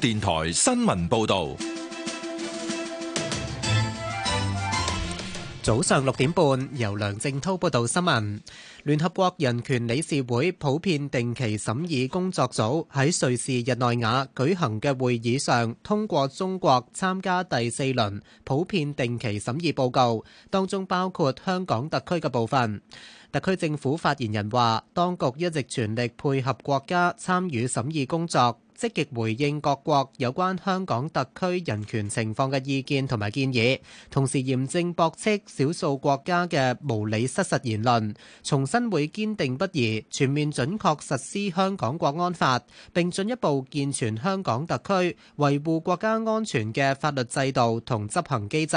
電台新聞報道：早上六點半，由梁正濤報道新聞。聯合國人權理事會普遍定期審議工作組喺瑞士日內瓦舉行嘅會議上，通過中國參加第四輪普遍定期審議報告，當中包括香港特區嘅部分。特區政府發言人話：當局一直全力配合國家參與審議工作。積極回應各國有關香港特區人權情況嘅意見同埋建議，同時嚴正駁斥少數國家嘅無理失實言論，重申會堅定不移、全面準確實施香港國安法，並進一步健全香港特區維護國家安全嘅法律制度同執行機制。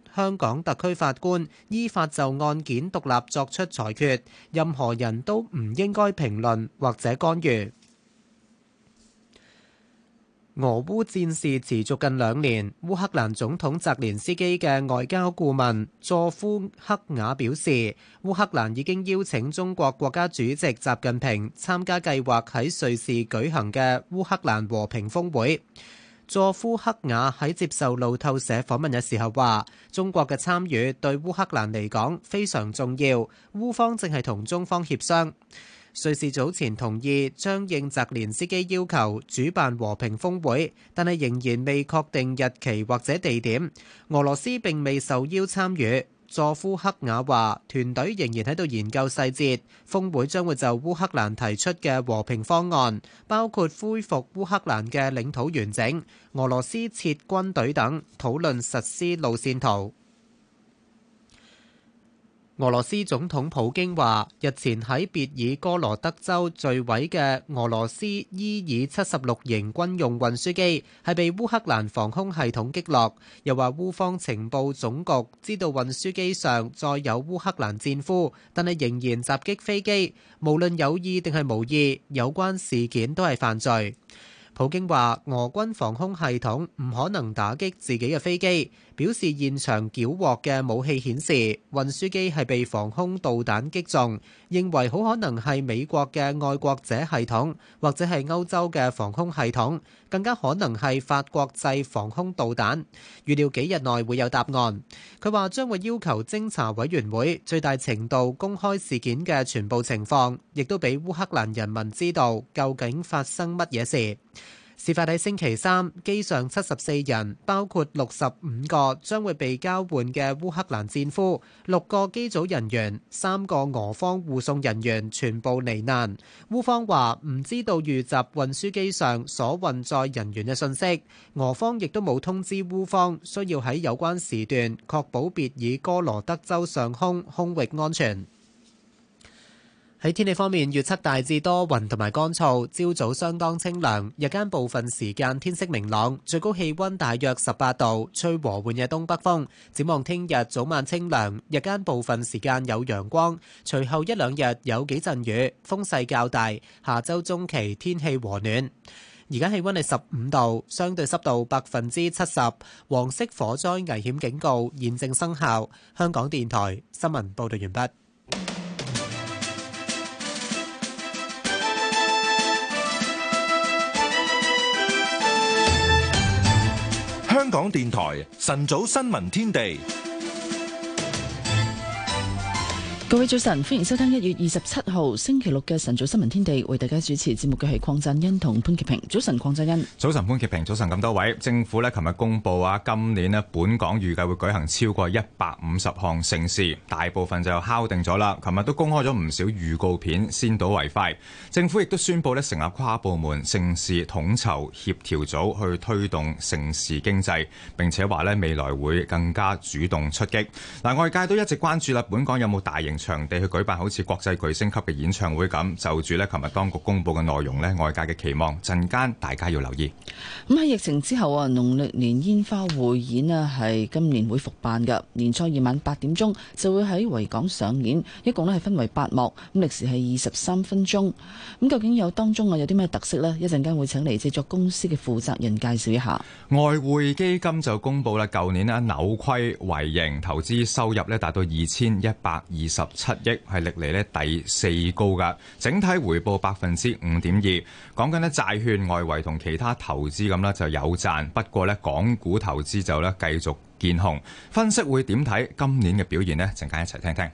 香港特區法官依法就案件獨立作出裁決，任何人都唔應該評論或者干預。俄烏戰事持續近兩年，烏克蘭總統澤連斯基嘅外交顧問佐夫克雅表示，烏克蘭已經邀請中國國家主席習近平參加計劃喺瑞士舉行嘅烏克蘭和平峰會。佐夫克雅喺接受路透社訪問嘅時候話，中國嘅參與對烏克蘭嚟講非常重要，烏方正係同中方協商。瑞士早前同意將應澤連斯基要求主辦和平峰會，但係仍然未確定日期或者地點，俄羅斯並未受邀參與。佐夫克雅話，團隊仍然喺度研究細節，峰會將會就烏克蘭提出嘅和平方案，包括恢復烏克蘭嘅領土完整、俄羅斯撤軍隊等，討論實施路線圖。俄羅斯總統普京話：日前喺別爾哥羅德州墜毀嘅俄羅斯伊爾七十六型軍用運輸機係被烏克蘭防空系統擊落，又話烏方情報總局知道運輸機上再有烏克蘭戰俘，但係仍然襲擊飛機。無論有意定係無意，有關事件都係犯罪。普京話：俄軍防空系統唔可能打擊自己嘅飛機。表示現場繳獲嘅武器顯示運輸機係被防空導彈擊中，認為好可能係美國嘅愛國者系統，或者係歐洲嘅防空系統，更加可能係法國製防空導彈。預料幾日內會有答案。佢話將會要求偵查委員會最大程度公開事件嘅全部情況，亦都畀烏克蘭人民知道究竟發生乜嘢事。事發喺星期三，機上七十四人，包括六十五個將會被交換嘅烏克蘭戰俘，六個機組人員，三個俄方護送人員，全部罹難。烏方話唔知道遇襲運輸機上所運載人員嘅信息，俄方亦都冇通知烏方需要喺有關時段確保別爾哥羅德州上空空域安全。喺天氣方面，預測大致多雲同埋乾燥，朝早相當清涼，日間部分時間天色明朗，最高氣溫大約十八度，吹和緩嘅東北風。展望聽日早晚清涼，日間部分時間有陽光，隨後一兩日有幾陣雨，風勢較大。下周中期天氣和暖。而家氣溫係十五度，相對濕度百分之七十，黃色火災危險警告現正生效。香港電台新聞報道完畢。香港電台晨早新聞天地。各位早晨，歡迎收聽一月二十七號星期六嘅晨早新聞天地，為大家主持節目嘅係鄺振欣同潘潔平。早晨，鄺振欣。早晨，潘潔平。早晨，咁多位，政府咧，琴日公布啊，今年咧，本港預計會，會舉行超過一百五十項盛事，大部分就敲定咗啦。琴日都公開咗唔少預告片，先睹為快。政府亦都宣布咧，成立跨部門盛事統籌協調組，去推動盛事經濟，並且話咧，未來會更加主動出擊。嗱、呃，外界都一直關注啦，本港有冇大型場地去舉辦好似國際巨星級嘅演唱會咁，就住呢，琴日當局公布嘅內容呢，外界嘅期望，陣間大家要留意。咁喺疫情之後啊，農曆年煙花匯演呢，係今年會復辦嘅。年初二晚八點鐘就會喺維港上演，一共呢係分為八幕，咁歷時係二十三分鐘。咁究竟有當中啊有啲咩特色呢？一陣間會請嚟製作公司嘅負責人介紹一下。外匯基金就公布啦，舊年呢扭虧為盈，投資收入呢達到二千一百二十。七億係歷來呢第四高㗎，整體回報百分之五點二，講緊呢債券外圍同其他投資咁呢就有賺，不過呢港股投資就呢繼續。建雄分析會點睇今年嘅表現呢？陣間一齊聽聽。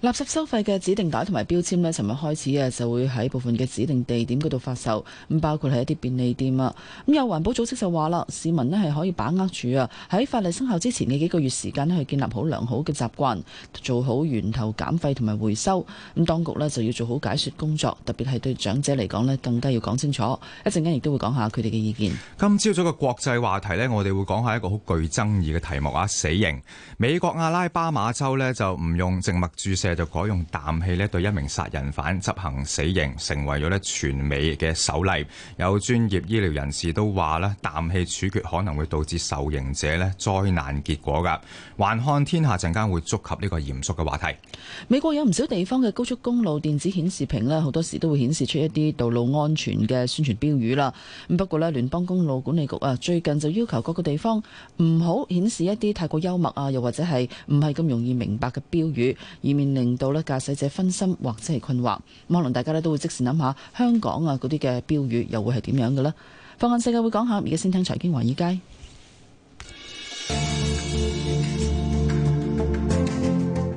垃圾收費嘅指定袋同埋標籤呢尋日開始啊，就會喺部分嘅指定地點嗰度發售。咁包括係一啲便利店啊。咁有環保組織就話啦，市民咧係可以把握住啊，喺法例生效之前嘅幾個月時間咧，去建立好良好嘅習慣，做好源頭減費同埋回收。咁當局呢就要做好解說工作，特別係對長者嚟講呢，更加要講清楚。會會一陣間亦都會講下佢哋嘅意見。今朝早嘅國際話題呢，我哋會講下一個好具爭議嘅題目。話死刑，美國阿拉巴馬州咧就唔用靜脈注射，就改用氮氣咧對一名殺人犯執行死刑，成為咗咧全美嘅首例。有專業醫療人士都話咧，氮氣處決可能會導致受刑者咧災難結果噶。環看天下陣間會觸及呢個嚴肅嘅話題。美國有唔少地方嘅高速公路電子顯示屏咧，好多時都會顯示出一啲道路安全嘅宣傳標語啦。咁不過咧，聯邦公路管理局啊，最近就要求各個地方唔好顯示一。啲太過幽默啊，又或者係唔係咁容易明白嘅標語，以免令到呢駕駛者分心或者係困惑。望落大家呢都會即時諗下香港啊嗰啲嘅標語又會係點樣嘅咧？放眼世界會講下，而家先聽財經華爾街。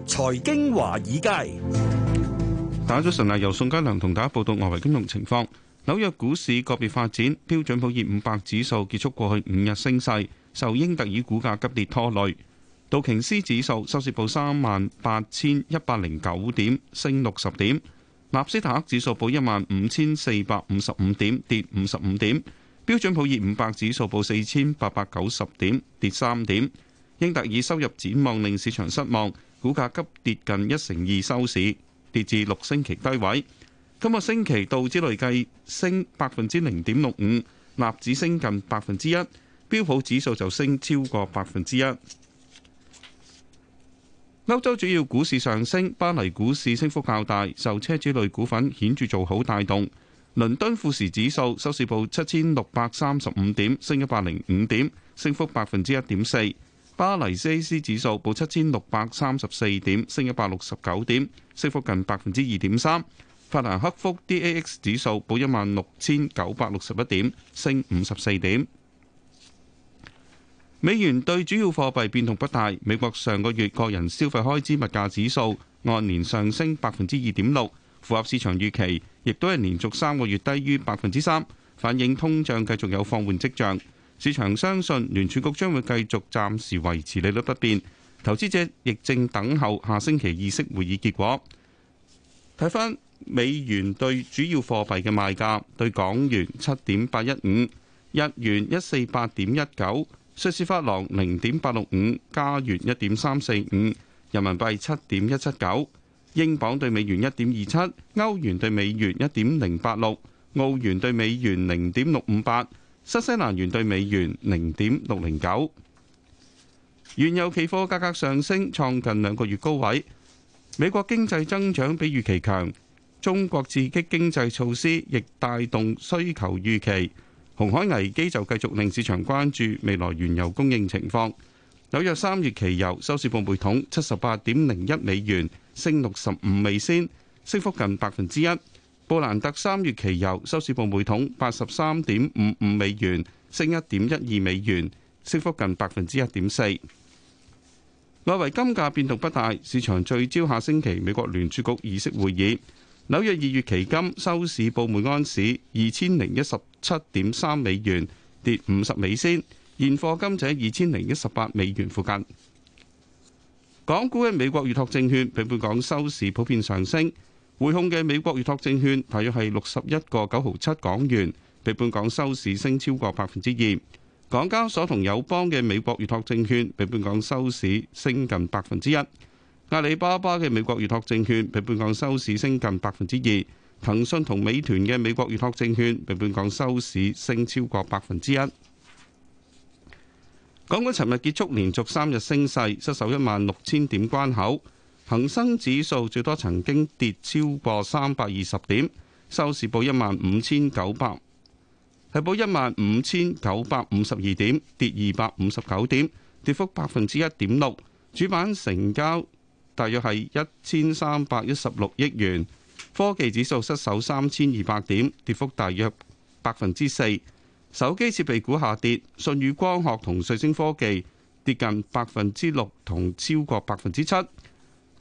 財經華爾街，打咗神啊，由宋家良同大家報道外圍金融情況。紐約股市個別發展，標準普爾五百指數結束過去五日升勢。受英特爾股價急跌拖累，道瓊斯指數收市報三萬八千一百零九點，升六十點；納斯達克指數報一萬五千四百五十五點，跌五十五點；標準普爾五百指數報四千八百九十點，跌三點。英特爾收入展望令市場失望，股價急跌近一成二收市，跌至六星期低位。今個星期道指累計升百分之零點六五，納指升近百分之一。標普指數就升超過百分之一。歐洲主要股市上升，巴黎股市升幅較大，受奢侈類股份顯著做好帶動。倫敦富時指數收市報七千六百三十五點，升一百零五點，升幅百分之一點四。巴黎 CAC 指數報七千六百三十四點，升一百六十九點，升幅近百分之二點三。法蘭克福 DAX 指數報一萬六千九百六十一點，升五十四點。美元對主要貨幣變動不大。美國上個月個人消費開支物價指數按年上升百分之二點六，符合市場預期，亦都係連續三個月低於百分之三，反映通脹繼續有放緩跡象。市場相信聯儲局將會繼續暫時維持利率不變，投資者亦正等候下星期議息會議結果。睇翻美元對主要貨幣嘅賣價，對港元七點八一五，日元一四八點一九。瑞士法郎零點八六五，加元一點三四五，人民幣七點一七九，英鎊對美元一點二七，歐元對美元一點零八六，澳元對美元零點六五八，新西蘭元對美元零點六零九。原油期貨價格上升，創近兩個月高位。美國經濟增長比預期強，中國刺激經濟措施亦帶動需求預期。紅海危機就繼續令市場關注未來原油供應情況。紐約三月期油收市報每桶七十八點零一美元，升六十五美仙，升幅近百分之一。布蘭特三月期油收市報每桶八十三點五五美元，升一點一二美元，升幅近百分之一點四。外圍金價變動不大，市場聚焦下星期美國聯儲局議息會議。紐約二月期金收市報每安市二千零一十七點三美元，跌五十美仙；現貨金就喺二千零一十八美元附近。港股嘅美國預託證券比本港收市普遍上升，匯控嘅美國預託證券大約係六十一個九毫七港元，比本港收市升超過百分之二。港交所同友邦嘅美國預託證券比本港收市升近百分之一。阿里巴巴嘅美國預託證券比本港收市升近百分之二，騰訊同美團嘅美國預託證券比本港收市升超過百分之一。港股尋日結束連續三日升勢，失守一萬六千點關口。恒生指數最多曾經跌超過三百二十點，收市報一萬五千九百，係報一萬五千九百五十二點，跌二百五十九點，跌幅百分之一點六。主板成交，大約係，一千三百一十六億元。科技指數失守三千二百點，跌幅大約百分之四。手機設備股下跌，舜宇光學同瑞聲科技跌近百分之六，同超過百分之七。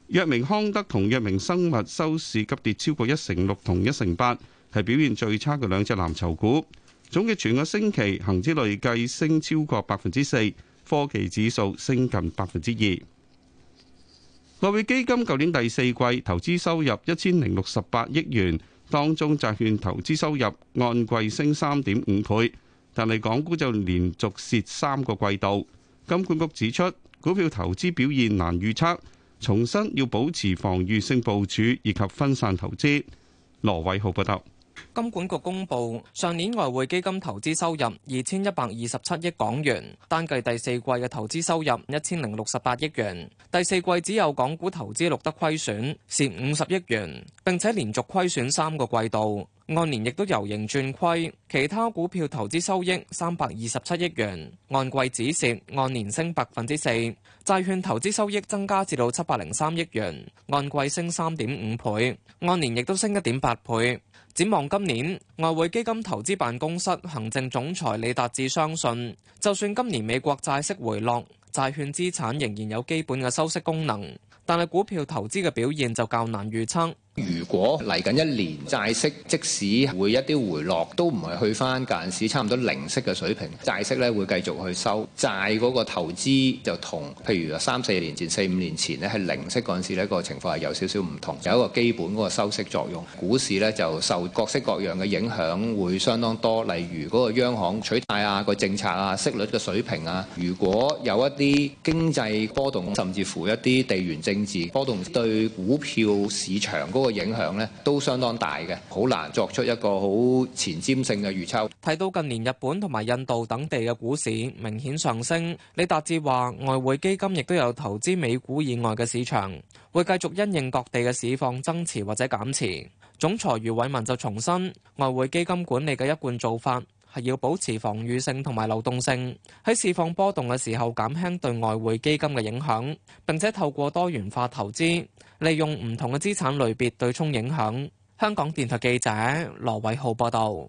藥明康德同藥明生物收市急跌超過一成六，同一成八，係表現最差嘅兩隻藍籌股。總結全個星期，恒指累計升超過百分之四，科技指數升近百分之二。外匯基金舊年第四季投資收入一千零六十八億元，當中債券投資收入按季升三點五倍，但係港股就連續蝕三個季度。金管局指出，股票投資表現難預測，重申要保持防禦性部署以及分散投資。羅偉浩報道。金管局公布上年外匯基金投資收入二千一百二十七億港元，單計第四季嘅投資收入一千零六十八億元。第四季只有港股投資錄得虧損，蝕五十億元，並且連續虧損三個季度。按年亦都由盈轉虧，其他股票投資收益三百二十七億元，按季止蝕，按年升百分之四。債券投資收益增加至到七百零三億元，按季升三點五倍，按年亦都升一點八倍。展望今年，外匯基金投資辦公室行政總裁李達志相信，就算今年美國債息回落，債券資產仍然有基本嘅收息功能，但係股票投資嘅表現就較難預測。如果嚟緊一年債息，即使會一啲回落，都唔係去翻嗰市差唔多零息嘅水平，債息咧會繼續去收。債嗰個投資就同，譬如三四年前、四五年前咧係零息嗰陣時咧，這個情況係有少少唔同，有一個基本嗰個收息作用。股市呢就受各式各樣嘅影響，會相當多。例如嗰個央行取代啊、這個政策啊、息率嘅水平啊，如果有一啲經濟波動，甚至乎一啲地緣政治波動，對股票市場個影響呢都相當大嘅，好難作出一個好前瞻性嘅預測。睇到近年日本同埋印度等地嘅股市明顯上升，李達志話：外匯基金亦都有投資美股以外嘅市場，會繼續因應各地嘅市況增持或者減持。總裁余偉文就重申外匯基金管理嘅一貫做法。係要保持防禦性同埋流動性，喺市況波動嘅時候減輕對外匯基金嘅影響，並且透過多元化投資，利用唔同嘅資產類別對沖影響。香港電台記者羅偉浩報道。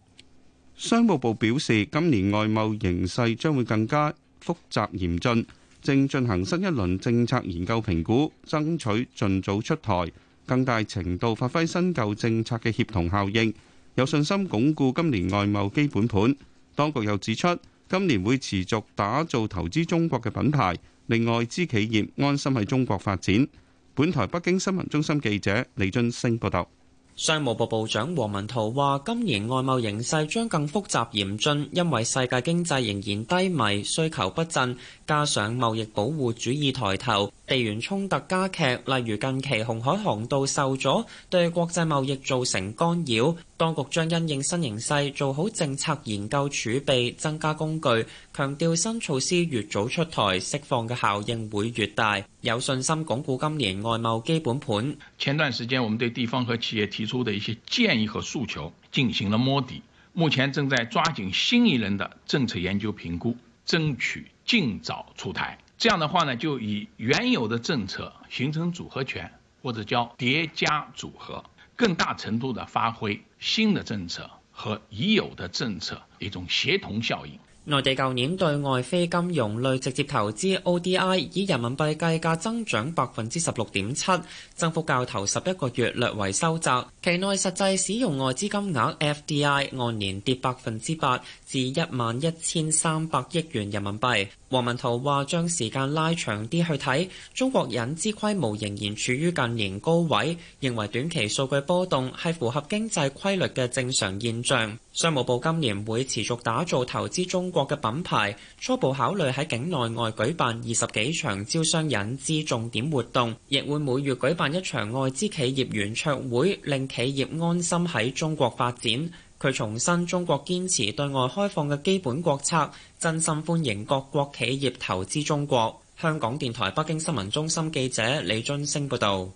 商務部表示，今年外貿形勢將會更加複雜嚴峻，正進行新一輪政策研究評估，爭取盡早出台，更大程度發揮新舊政策嘅協同效應。有信心鞏固今年外貿基本盤，當局又指出，今年會持續打造投資中國嘅品牌，令外資企業安心喺中國發展。本台北京新聞中心記者李津星報道。商務部部長王文濤話：今年外貿形勢將更複雜嚴峻，因為世界經濟仍然低迷，需求不振，加上貿易保護主義抬頭。地緣衝突加劇，例如近期紅海航道受阻，對國際貿易造成干擾。當局將因應新形勢，做好政策研究儲備，增加工具。強調新措施越早出台，釋放嘅效應會越大。有信心鞏固今年外貿基本盤。前段時間，我們對地方和企業提出的一些建議和訴求進行了摸底，目前正在抓緊新一輪的政策研究評估，爭取盡早出台。這樣的話呢，就以原有的政策形成組合拳，或者叫疊加組合，更大程度的發揮新的政策和已有的政策一種協同效應。內地舊年對外非金融類直接投資 （ODI） 以人民幣計價增長百分之十六點七，增幅較頭十一個月略為收窄。期內實際使用外資金額 （FDI） 按年跌百分之八。至一萬一千三百億元人民幣，黃文濤話將時間拉長啲去睇，中國引資規模仍然處於近年高位，認為短期數據波動係符合經濟規律嘅正常現象。商務部今年會持續打造投資中國嘅品牌，初步考慮喺境內外舉辦二十幾場招商引資重點活動，亦會每月舉辦一場外資企業圓桌會，令企業安心喺中國發展。佢重申，中國堅持對外開放嘅基本國策，真心歡迎各國企業投資中國。香港電台北京新聞中心記者李俊升報道。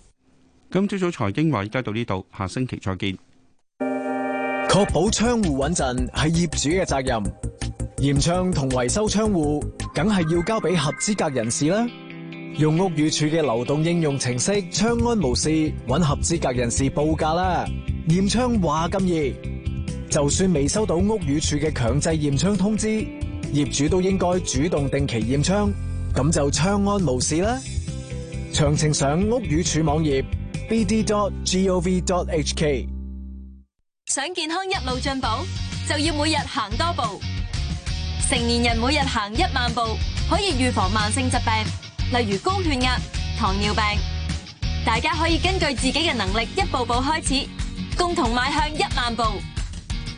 今朝早財經話依家到呢度，下星期再見。確保窗戶穩陣係業主嘅責任，驗窗同維修窗戶，梗係要交俾合資格人士啦。用屋宇署嘅流動應用程式窗安無事，揾合資格人士報價啦。驗窗話咁易。就算未收到屋宇署嘅強制驗窗通知，業主都應該主動定期驗窗，咁就窗安無事啦。詳情上屋宇署網頁：bd.gov.hk。想健康一路進步，就要每日行多步。成年人每日行一萬步，可以預防慢性疾病，例如高血壓、糖尿病。大家可以根據自己嘅能力，一步步開始，共同邁向一萬步。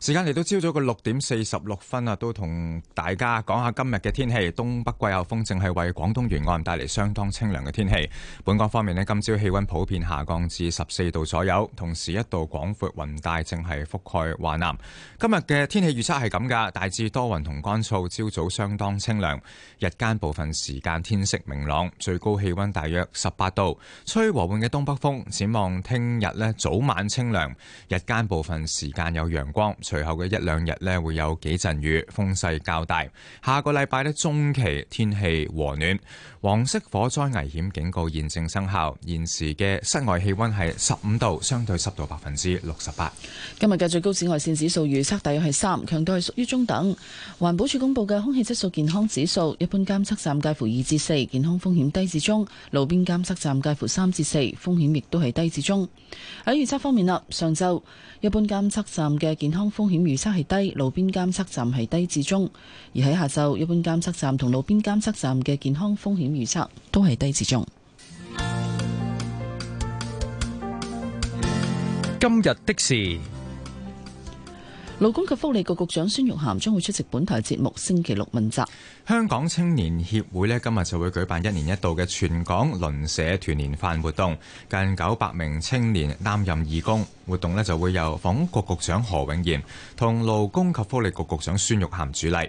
時間嚟到朝早嘅六點四十六分啊，都同大家講下今日嘅天氣。東北季候風正係為廣東沿岸帶嚟相當清涼嘅天氣。本港方面呢，今朝氣溫普遍下降至十四度左右，同時一道廣闊雲帶正係覆蓋華南。今日嘅天氣預測係咁㗎，大致多雲同乾燥，朝早相當清涼，日間部分時間天色明朗，最高氣溫大約十八度，吹和緩嘅東北風。展望聽日呢，早晚清涼，日間部分時間有陽光。隨後嘅一兩日呢，會有幾陣雨，風勢較大。下個禮拜呢，中期天氣和暖。黃色火災危險警告現正生效。現時嘅室外氣溫係十五度，相對濕度百分之六十八。今日嘅最高紫外線指數預測大約係三，強度係屬於中等。環保署公布嘅空氣質素健康指數，一般監測站介乎二至四，健康風險低至中；路邊監測站介乎三至四，風險亦都係低至中。喺預測方面啦，上周一般監測站嘅健康。風險預測係低，路邊監測站係低至中，而喺下晝，一般監測站同路邊監測站嘅健康風險預測都係低至中。今日的事。勞工及福利局局長孫玉菡將會出席本台節目星期六問責。香港青年協會呢今日就會舉辦一年一度嘅全港鄰社團年飯活動，近九百名青年擔任義工，活動呢就會由房屋局局長何永賢同勞工及福利局局長孫玉菡主禮。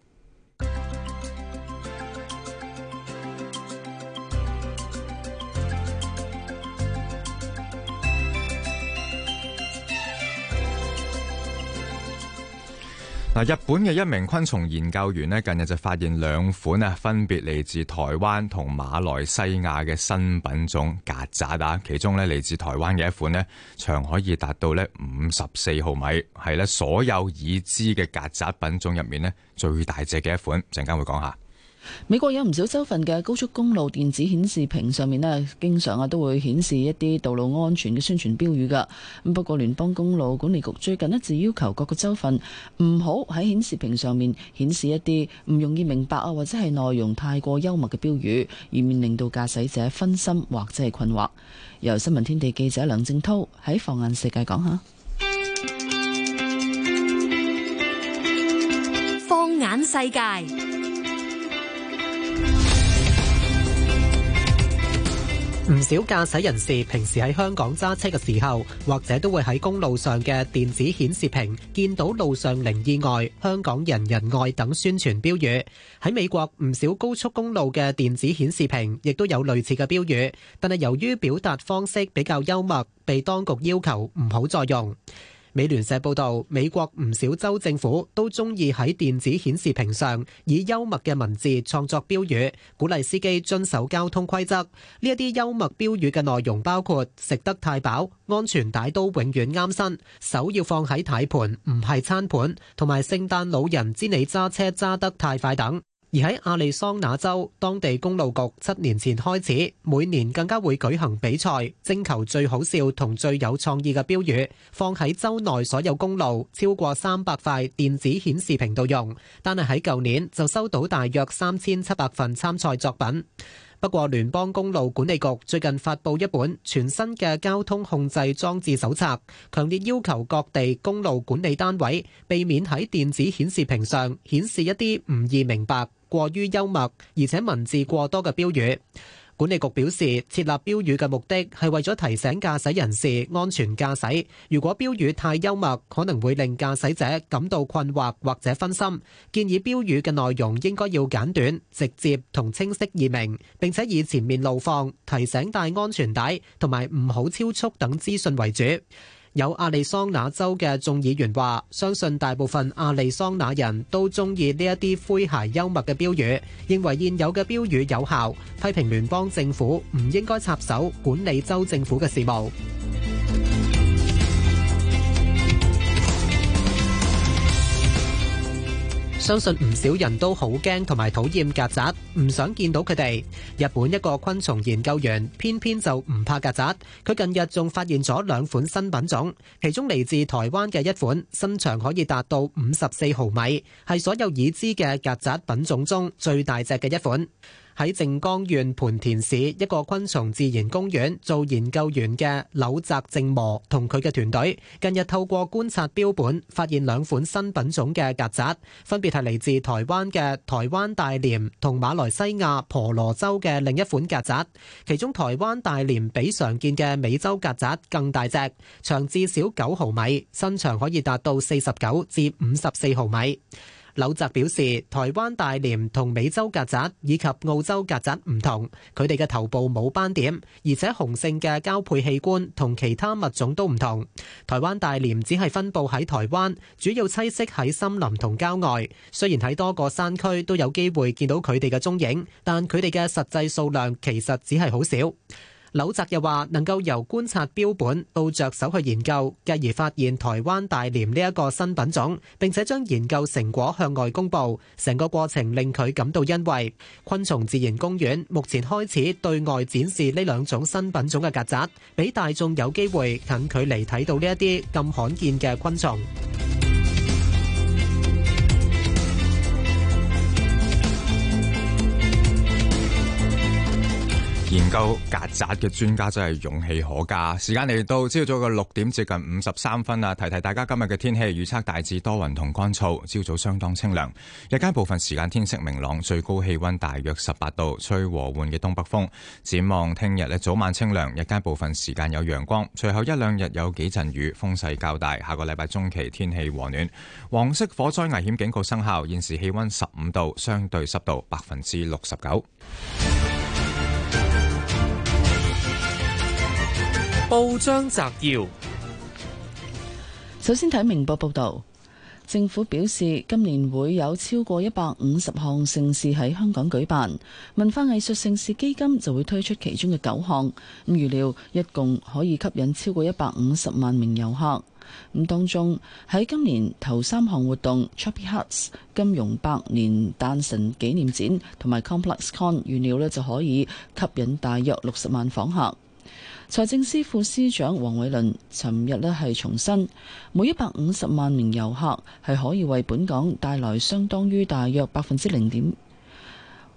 日本嘅一名昆蟲研究員咧，近日就發現兩款啊，分別嚟自台灣同馬來西亞嘅新品種曱甴啊。其中咧，嚟自台灣嘅一款咧，長可以達到咧五十四毫米，係咧所有已知嘅曱甴品種入面咧最大隻嘅一款。陣間會講下。美國有唔少州份嘅高速公路電子顯示屏上面咧，經常啊都會顯示一啲道路安全嘅宣傳標語噶。咁不過聯邦公路管理局最近一直要求各個州份唔好喺顯示屏上面顯示一啲唔容易明白啊，或者係內容太過幽默嘅標語，以免令到駕駛者分心或者係困惑。由新聞天地記者梁正濤喺放眼世界講下，放眼世界。唔少駕駛人士平時喺香港揸車嘅時候，或者都會喺公路上嘅電子顯示屏見到路上零意外、香港人人愛等宣傳標語。喺美國，唔少高速公路嘅電子顯示屏亦都有類似嘅標語，但係由於表達方式比較幽默，被當局要求唔好再用。美聯社報道，美國唔少州政府都中意喺電子顯示屏上以幽默嘅文字創作標語，鼓勵司機遵守交通規則。呢一啲幽默標語嘅內容包括：食得太飽，安全帶都永遠啱身；手要放喺軚盤，唔係餐盤；同埋聖誕老人知你揸車揸得太快等。而喺亞利桑那州，當地公路局七年前開始每年更加會舉行比賽，徵求最好笑同最有創意嘅標語，放喺州內所有公路超過三百塊電子顯示屏度用。但係喺舊年就收到大約三千七百份參賽作品。不過聯邦公路管理局最近發布一本全新嘅交通控制裝置手冊，強烈要求各地公路管理單位避免喺電子顯示屏上顯示一啲唔易明白，過於幽默而且文字過多嘅標語，管理局表示設立標語嘅目的係為咗提醒駕駛人士安全駕駛。如果標語太幽默，可能會令駕駛者感到困惑或者分心。建議標語嘅內容應該要簡短、直接同清晰易明，並且以前面路況提醒戴安全帶同埋唔好超速等資訊為主。有亞利桑那州嘅眾議員話，相信大部分亞利桑那人都中意呢一啲詼諧幽默嘅標語，認為現有嘅標語有效，批評聯邦政府唔應該插手管理州政府嘅事務。相信唔少人都好驚同埋討厭曱甴，唔想見到佢哋。日本一個昆蟲研究員偏偏就唔怕曱甴，佢近日仲發現咗兩款新品種，其中嚟自台灣嘅一款身長可以達到五十四毫米，係所有已知嘅曱甴品種中最大隻嘅一款。喺靜岡縣磐田市一個昆蟲自然公園做研究員嘅柳澤靜磨同佢嘅團隊，近日透過觀察標本，發現兩款新品種嘅曱甴，分別係嚟自台灣嘅台灣大蠊同馬來西亞婆羅洲嘅另一款曱甴。其中台灣大蠊比常見嘅美洲曱甴更大隻，長至少九毫米，身長可以達到四十九至五十四毫米。柳澤表示，台灣大蠊同美洲曱甴以及澳洲曱甴唔同，佢哋嘅頭部冇斑點，而且雄性嘅交配器官同其他物種都唔同。台灣大蠊只係分佈喺台灣，主要棲息喺森林同郊外。雖然喺多個山區都有機會見到佢哋嘅蹤影，但佢哋嘅實際數量其實只係好少。柳澤又話：能夠由觀察標本到着手去研究，繼而發現台灣大蠊呢一個新品種，並且將研究成果向外公布，成個過程令佢感到欣慰。昆蟲自然公園目前開始對外展示呢兩種新品種嘅曱甴，俾大眾有機會近距離睇到呢一啲咁罕見嘅昆蟲。研究曱甴嘅專家真係勇氣可嘉。時間嚟到朝早嘅六點接近五十三分啦，提提大家今日嘅天氣預測大致多雲同乾燥，朝早相當清涼。日間部分時間天色明朗，最高氣溫大約十八度，吹和緩嘅東北風。展望聽日呢，早晚清涼，日間部分時間有陽光，隨後一兩日有幾陣雨，風勢較大。下個禮拜中期天氣和暖，黃色火災危險警告生效。現時氣溫十五度，相對濕度百分之六十九。報章摘要：首先睇明報報道，政府表示今年會有超過一百五十項盛事喺香港舉辦，文化藝術盛事基金就會推出其中嘅九項。咁預料一共可以吸引超過一百五十萬名遊客。咁當中喺今年頭三項活動 Choppy Huts、Ch Hearts，金融百年誕辰紀念展同埋 Complex Con，預料咧就可以吸引大約六十萬訪客。財政司副司長黃偉綸尋日呢係重申，每一百五十萬名遊客係可以為本港帶來相當於大約百分之零點，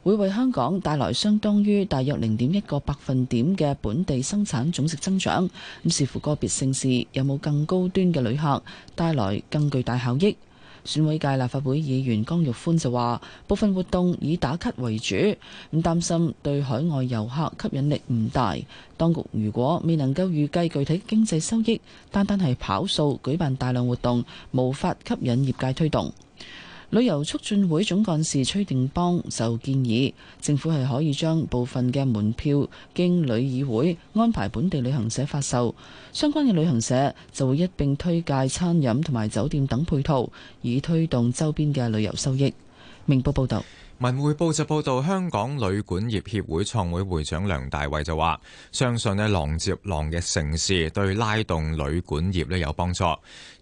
會為香港帶來相當於大約零點一個百分點嘅本地生產總值增長。咁視乎個別城市有冇更高端嘅旅客，帶來更巨大效益。選委界立法會議員江玉歡就話：部分活動以打卡為主，唔擔心對海外遊客吸引力唔大。當局如果未能夠預計具體經濟收益，單單係跑數舉辦大量活動，無法吸引業界推動。旅遊促進會總幹事崔定邦就建議，政府係可以將部分嘅門票經旅議會安排本地旅行社發售，相關嘅旅行社就會一並推介餐飲同埋酒店等配套，以推動周邊嘅旅遊收益。明報報導。文匯報就報道，香港旅館業協會創會會長梁大衛就話，相信咧浪接浪嘅盛事對拉動旅館業咧有幫助，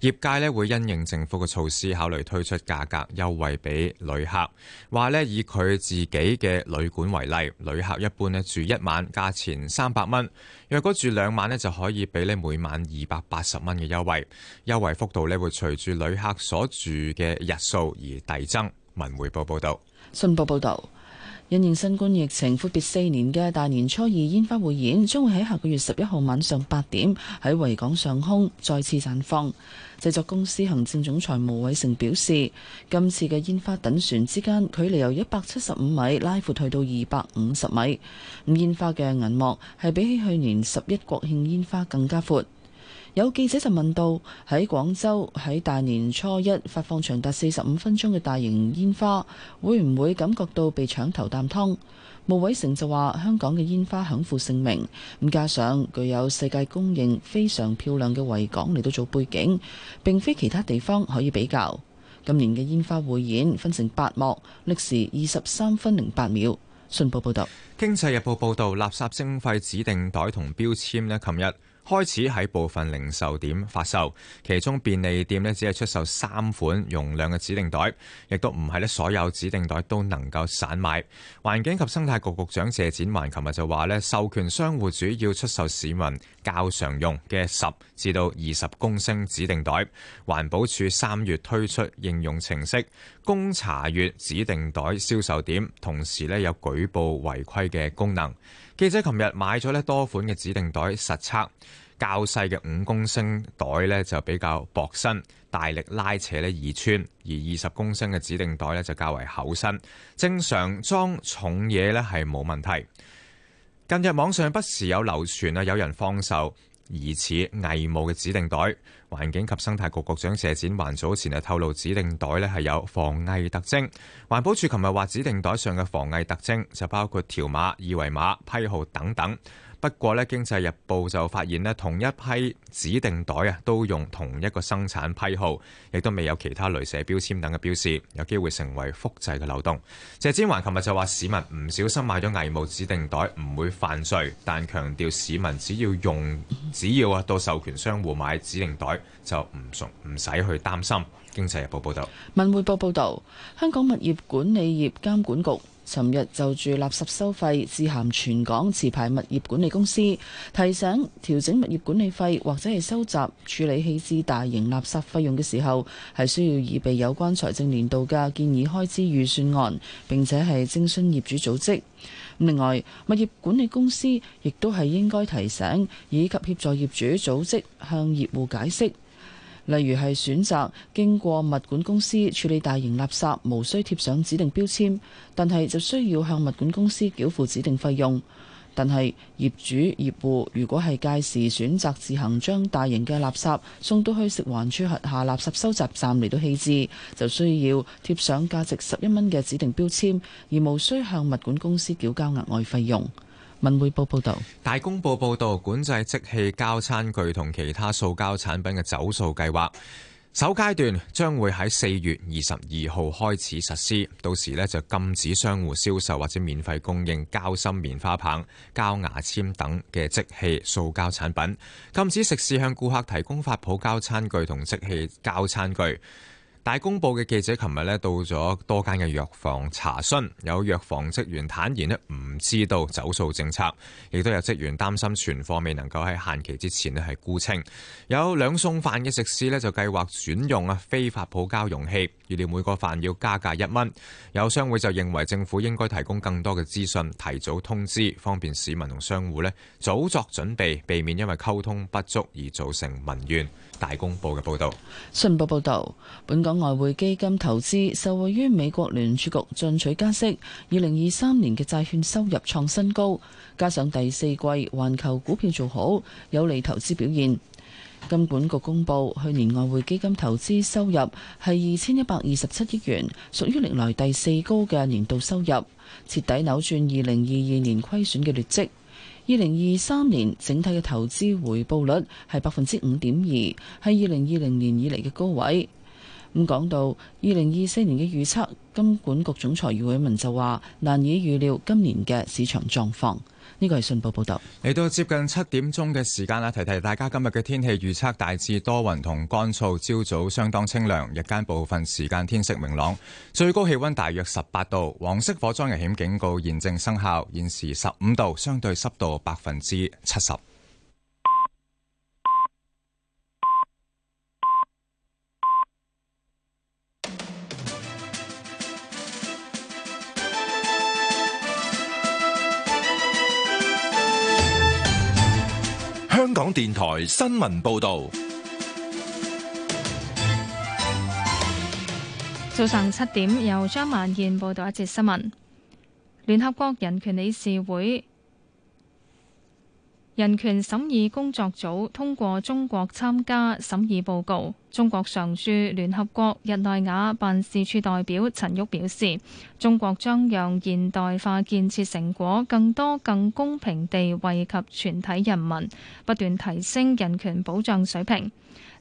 業界咧會因應政府嘅措施，考慮推出價格優惠俾旅客。話咧以佢自己嘅旅館為例，旅客一般咧住一晚價錢三百蚊，若果住兩晚咧就可以俾你每晚二百八十蚊嘅優惠，優惠幅度咧會隨住旅客所住嘅日數而遞增。文匯報報道。信報報導，因應新冠疫情闊別四年嘅大年初二煙花匯演將會喺下個月十一號晚上八點喺維港上空再次綻放。製作公司行政總裁毛偉成表示，今次嘅煙花等船之間距離由一百七十五米拉闊去到二百五十米，咁煙花嘅銀幕係比起去年十一國慶煙花更加闊。有記者就問到喺廣州喺大年初一發放長達四十五分鐘嘅大型煙花，會唔會感覺到被搶頭啖湯？毛偉成就話：香港嘅煙花享負盛名，咁加上具有世界公認非常漂亮嘅維港嚟到做背景，並非其他地方可以比較。今年嘅煙花匯演分成八幕，歷時二十三分零八秒。信報報道，《經濟日報》報道，垃圾徵費指定袋同標籤呢，琴日，開始喺部分零售點發售，其中便利店呢只係出售三款容量嘅指定袋，亦都唔係呢所有指定袋都能夠散買。環境及生態局局長謝展寰琴日就話呢授權商戶主要出售市民較常用嘅十至到二十公升指定袋。環保署三月推出應用程式，供查閲指定袋銷售點，同時呢有舉報違規嘅功能。記者琴日買咗呢多款嘅指定袋實測，較細嘅五公升袋呢就比較薄身，大力拉扯呢易穿；而二十公升嘅指定袋呢就較為厚身，正常裝重嘢呢係冇問題。近日網上不時有流傳啊，有人放售疑似偽冒嘅指定袋。環境及生態局局長謝展寰早前就透露，指定袋呢係有防偽特徵。環保署琴日話，指定袋上嘅防偽特徵就包括條碼、二維碼、批號等等。不過咧，《經濟日報》就發現咧，同一批指定袋啊，都用同一個生產批號，亦都未有其他雷射標籤等嘅標示，有機會成為複製嘅漏洞。謝展寰琴日就話：市民唔小心買咗偽冒指定袋，唔會犯罪，但強調市民只要用，只要啊到授權商戶買指定袋，就唔從唔使去擔心。《經濟日報》報道：《文匯報》報道，香港物業管理業監管局。尋日就住垃圾收費，致函全港持牌物業管理公司，提醒調整物業管理費或者係收集處理棄置大型垃圾費用嘅時候，係需要以備有關財政年度嘅建議開支預算案，並且係徵詢業主組織。另外，物業管理公司亦都係應該提醒以及協助業主組織向業戶解釋。例如係選擇經過物管公司處理大型垃圾，無需貼上指定標籤，但係就需要向物管公司繳付指定費用。但係業主業戶如果係屆時選擇自行將大型嘅垃圾送到去食環處轄下垃圾收集站嚟到棄置，就需要貼上價值十一蚊嘅指定標籤，而無需向物管公司繳交額外費用。文匯報報道，大公報報道，管制即棄膠餐具同其他塑膠產品嘅走塑計劃，首階段將會喺四月二十二號開始實施，到時呢，就禁止商戶銷售或者免費供應膠心棉花棒、膠牙籤等嘅即棄塑膠產品，禁止食肆向顧客提供發泡膠餐具同即棄膠餐具。大公報嘅記者琴日咧到咗多間嘅藥房查詢，有藥房職員坦言咧唔知道走塑政策，亦都有職員擔心存貨未能夠喺限期之前咧係沽清。有兩餸飯嘅食肆咧就計劃轉用啊非發泡膠容器，預料每個飯要加價一蚊。有商會就認為政府應該提供更多嘅資訊，提早通知，方便市民同商戶咧早作準備，避免因為溝通不足而造成民怨。大公報嘅報導，信報報導，本港外匯基金投資受惠於美國聯儲局進取加息，二零二三年嘅債券收入創新高，加上第四季環球股票做好，有利投資表現。金管局公佈去年外匯基金投資收入係二千一百二十七億元，屬於歷來第四高嘅年度收入，徹底扭轉二零二二年虧損嘅劣績。二零二三年整體嘅投資回報率係百分之五點二，係二零二零年以嚟嘅高位。咁講到二零二四年嘅預測，金管局總裁余偉文就話難以預料今年嘅市場狀況。呢個係信報報導。嚟到接近七點鐘嘅時間啦，提提大家今日嘅天氣預測大致多雲同乾燥，朝早相當清涼，日間部分時間天色明朗，最高氣温大約十八度。黃色火災危險警告現正生效，現時十五度，相對濕度百分之七十。香港電台新聞報道，早上七點由張曼燕報道一節新聞。聯合國人權理事會。人權審議工作組通過中國參加審議報告。中國常駐聯合國日內瓦辦事處代表陳旭表示，中國將讓現代化建設成果更多、更公平地惠及全體人民，不斷提升人權保障水平。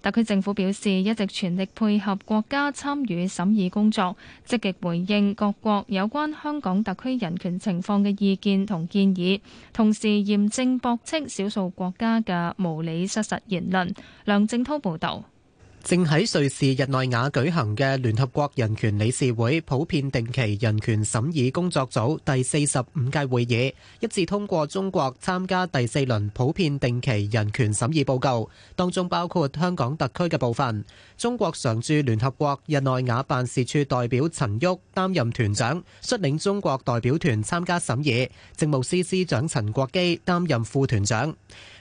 特區政府表示，一直全力配合國家參與審議工作，積極回應各國有關香港特區人權情況嘅意見同建議，同時嚴正駁斥少數國家嘅無理失實言論。梁正濤報道。正喺瑞士日內瓦舉行嘅聯合國人權理事會普遍定期人權審議工作組第四十五屆會議，一致通過中國參加第四輪普遍定期人權審議報告，當中包括香港特區嘅部分。中國常駐聯合國日內瓦辦事處代表陳旭擔任團長，率領中國代表團參加審議。政務司司長陳國基擔任副團長。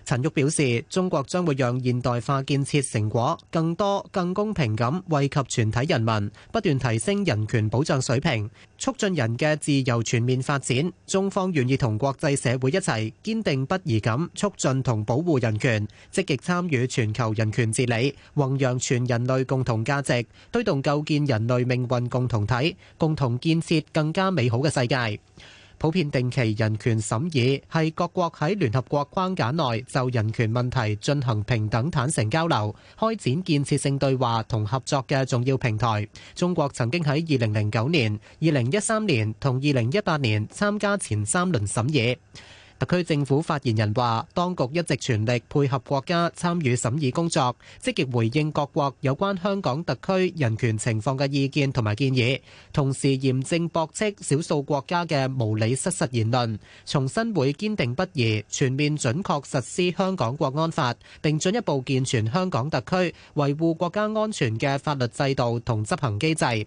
陳旭表示，中國將會讓現代化建設成果更多、更公平咁惠及全體人民，不斷提升人權保障水平。促進人嘅自由全面發展，中方願意同國際社會一齊堅定不移咁促進同保護人權，積極參與全球人權治理，弘揚全人類共同價值，推動構建人類命運共同體，共同建設更加美好嘅世界。普遍定期人權審議係各國喺聯合國框架內就人權問題進行平等坦誠交流、開展建設性對話同合作嘅重要平台。中國曾經喺二零零九年、二零一三年同二零一八年參加前三輪審議。特區政府發言人話：當局一直全力配合國家參與審議工作，積極回應各國有關香港特區人權情況嘅意見同埋建議，同時嚴正駁斥少數國家嘅無理失實言論，重申會堅定不移、全面準確實施香港國安法，並進一步健全香港特區維護國家安全嘅法律制度同執行機制。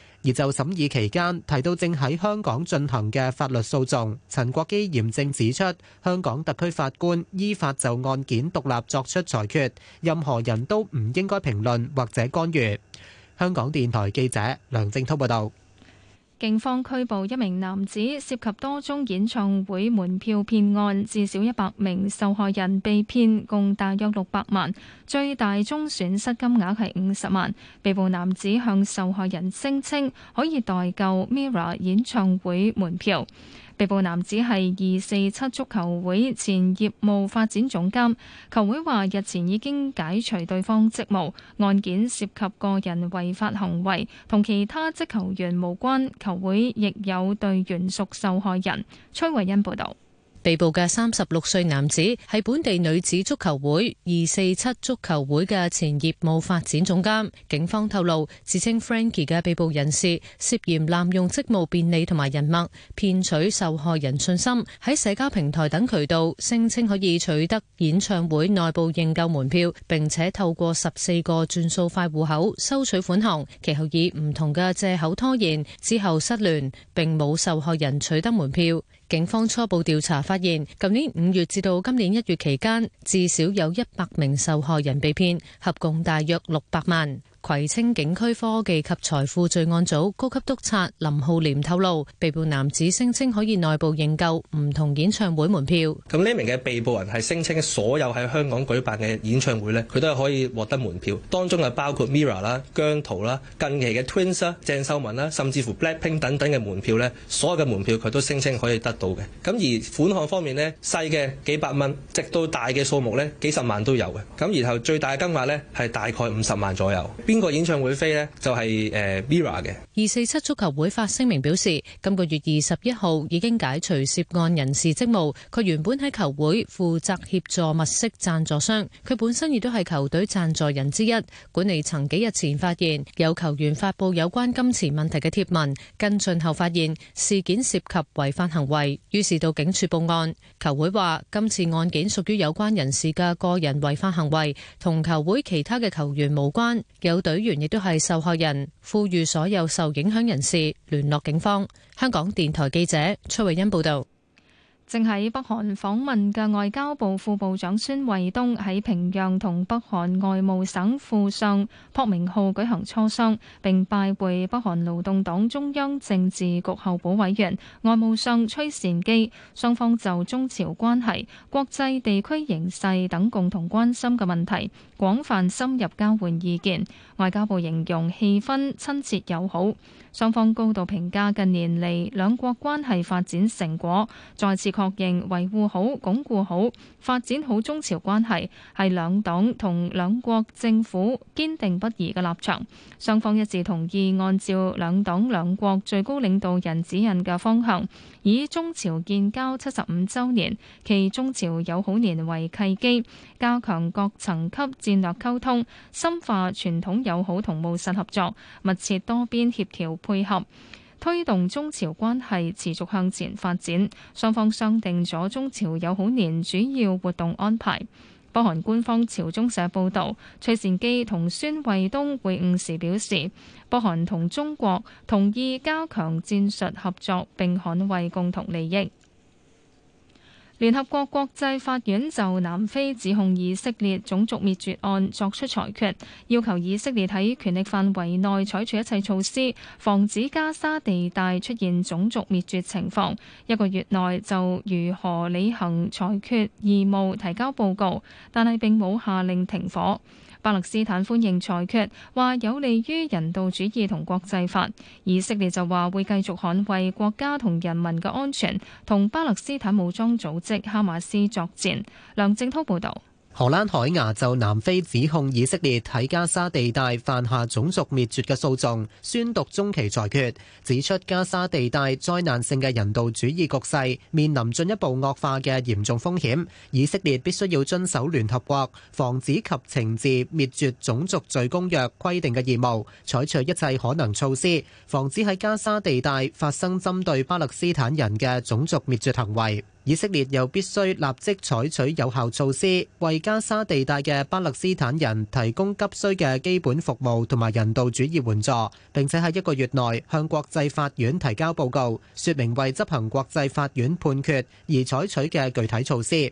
而就審議期間提到正喺香港進行嘅法律訴訟，陳國基嚴正指出，香港特區法官依法就案件獨立作出裁決，任何人都唔應該評論或者干預。香港電台記者梁正通報道。警方拘捕一名男子，涉及多宗演唱會門票騙案，至少一百名受害人被騙，共大約六百萬，最大宗損失金額係五十萬，被捕男子向受害人聲稱可以代購 MIRROR 演唱會門票。被捕男子係二四七足球會前業務發展總監，球會話日前已經解除對方職務，案件涉及個人違法行為，同其他職球員無關，球會亦有隊員屬受害人。崔慧欣報道。被捕嘅三十六歲男子係本地女子足球會二四七足球會嘅前業務發展總監。警方透露，自稱 Frankie 嘅被捕人士涉嫌濫用職務便利同埋人脈，騙取受害人信心，喺社交平台等渠道聲稱可以取得演唱會內部認購門票，並且透過十四個轉數快戶口收取款項，其後以唔同嘅借口拖延，之後失聯，並冇受害人取得門票。警方初步調查發現，舊年五月至到今年一月期間，至少有一百名受害人被騙，合共大約六百萬。葵青警區科技及財富罪案組高級督察林浩廉透露，被捕男子聲稱可以內部認購唔同演唱會門票。咁呢名嘅被捕人係聲稱所有喺香港舉辦嘅演唱會呢，佢都係可以獲得門票，當中係包括 Mirror 啦、姜濤啦、近期嘅 Twins 啦、鄭秀文啦，甚至乎 Blackpink 等等嘅門票呢，所有嘅門票佢都聲稱可以得到嘅。咁而款項方面呢，細嘅幾百蚊，直到大嘅數目呢，幾十萬都有嘅。咁然後最大金額呢，係大概五十萬左右。邊個演唱會飛呢？就係誒 Vira 嘅。二四七足球會發聲明表示，今個月二十一號已經解除涉案人士職務。佢原本喺球會負責協助物色讚助商，佢本身亦都係球隊讚助人之一。管理層幾日前發現有球員發布有關金錢問題嘅貼文，跟進後發現事件涉及違法行為，於是到警署報案。球會話今次案件屬於有關人士嘅個人違法行為，同球會其他嘅球員無關。有隊員亦都係受害人，呼籲所有受影響人士聯絡警方。香港電臺記者崔慧欣報道。正喺北韓訪問嘅外交部副部長孫衛東喺平壤同北韓外務省副相朴明浩舉行磋商，並拜會北韓勞動黨中央政治局候補委員外務相崔善基。雙方就中朝關係、國際地區形勢等共同關心嘅問題，廣泛深入交換意見。外交部形容氣氛親切友好。雙方高度評價近年嚟兩國關係發展成果，再次確認維護好、鞏固好、發展好中朝關係，係兩黨同兩國政府堅定不移嘅立場。雙方一致同意，按照兩黨兩國最高領導人指引嘅方向，以中朝建交七十五週年，其中朝友好年為契機。加強各層級戰略溝通，深化傳統友好同務實合作，密切多邊協調配合，推動中朝關係持續向前發展。雙方商定咗中朝友好年主要活動安排。北韓官方朝中社報導，崔善姬同孫衛東會晤時表示，北韓同中國同意加強戰術合作，並捍衛共同利益。聯合國國際法院就南非指控以色列種族滅絕案作出裁決，要求以色列喺權力範圍內採取一切措施，防止加沙地帶出現種族滅絕情況，一個月內就如何履行裁決義務提交報告，但係並冇下令停火。巴勒斯坦歡迎裁決，話有利於人道主義同國際法。以色列就話會繼續捍衞國家同人民嘅安全，同巴勒斯坦武裝組織哈馬斯作戰。梁正滔報導。荷蘭海牙就南非指控以色列喺加沙地帶犯下種族滅絕嘅訴訟，宣讀中期裁決，指出加沙地帶災難性嘅人道主義局勢面臨進一步惡化嘅嚴重風險，以色列必須要遵守聯合國防止及懲治滅絕種族罪公約規定嘅義務，採取一切可能措施，防止喺加沙地帶發生針對巴勒斯坦人嘅種族滅絕行為。以色列又必須立即採取有效措施，為加沙地帶嘅巴勒斯坦人提供急需嘅基本服務同埋人道主義援助，並且喺一個月內向國際法院提交報告，說明為執行國際法院判決而採取嘅具體措施。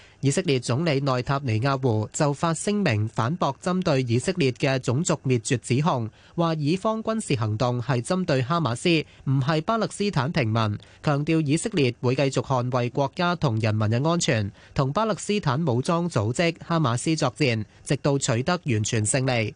以色列總理內塔尼亞胡就發聲明反駁針對以色列嘅種族滅絕指控，話以方軍事行動係針對哈馬斯，唔係巴勒斯坦平民，強調以色列會繼續捍衛國家同人民嘅安全，同巴勒斯坦武裝組織哈馬斯作戰，直到取得完全勝利。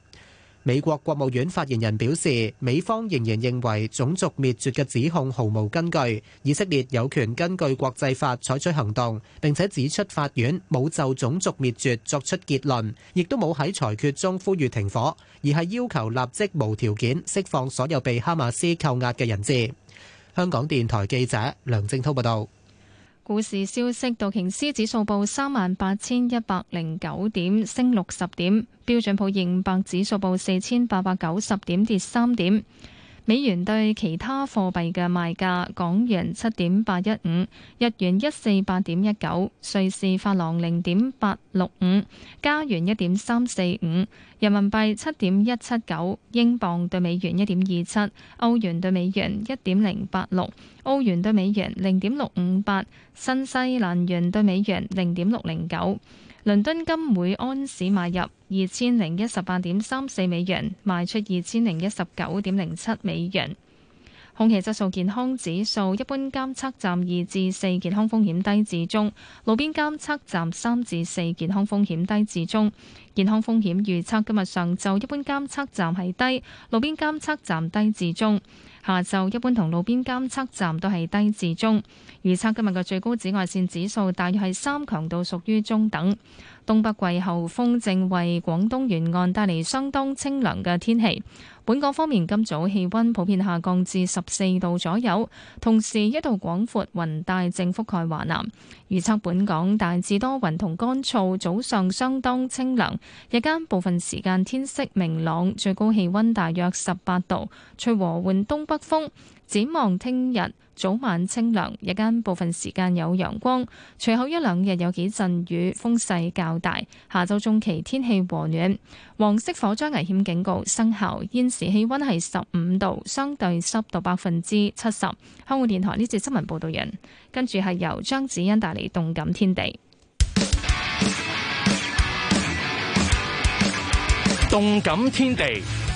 美國國務院發言人表示，美方仍然認為種族滅絕嘅指控毫無根據。以色列有權根據國際法採取行動，並且指出法院冇就種族滅絕作出結論，亦都冇喺裁決中呼籲停火，而係要求立即無條件釋放所有被哈馬斯扣押嘅人質。香港電台記者梁正滔報道。股市消息，道瓊斯指數報三萬八千一百零九點，升六十點，標準普爾五百指數報四千八百九十點，跌三點。美元對其他貨幣嘅賣價：港元七點八一五，日元一四八點一九，瑞士法郎零點八六五，加元一點三四五，人民幣七點一七九，英鎊對美元一點二七，歐元對美元一點零八六，澳元對美元零點六五八，新西蘭元對美元零點六零九。倫敦金每安士買入二千零一十八點三四美元，賣出二千零一十九點零七美元。空氣質素健康指數，一般監測站二至四健康風險低至中，路邊監測站三至四健康風險低至中。健康風險預測今日上晝，一般監測站係低，路邊監測站低至中。下晝一般同路邊監測站都係低至中。預測今日嘅最高紫外線指數大約係三強度，屬於中等。東北季候風正為廣東沿岸帶嚟相當清涼嘅天氣。本港方面，今早氣溫普遍下降至十四度左右，同時一道廣闊雲帶正覆蓋華南。預測本港大致多雲同乾燥，早上相當清涼，日間部分時間天色明朗，最高氣溫大約十八度，吹和緩東北風。展望聽日早晚清涼，日間部分時間有陽光。隨後一兩日有幾陣雨，風勢較大。下周中期天氣和暖。黃色火災危險警告生效，現時氣溫係十五度，相對濕度百分之七十。香港電台呢節新聞報道人，跟住係由張子欣帶嚟，動感天地。動感天地。動感天地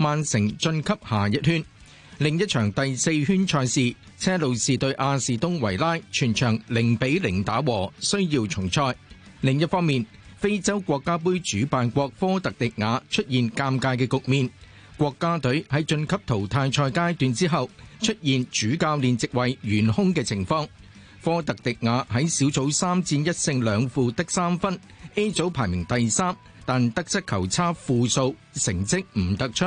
曼城晉級下一圈。另一場第四圈賽事，車路士對阿士東維拉，全場零比零打和，需要重賽。另一方面，非洲國家杯主辦國科特迪瓦出現尷尬嘅局面，國家隊喺晉級淘汰賽階段之後，出現主教練席位懸空嘅情況。科特迪瓦喺小組三戰一勝兩負得三分，A 組排名第三，但得失球差負數，成績唔突出。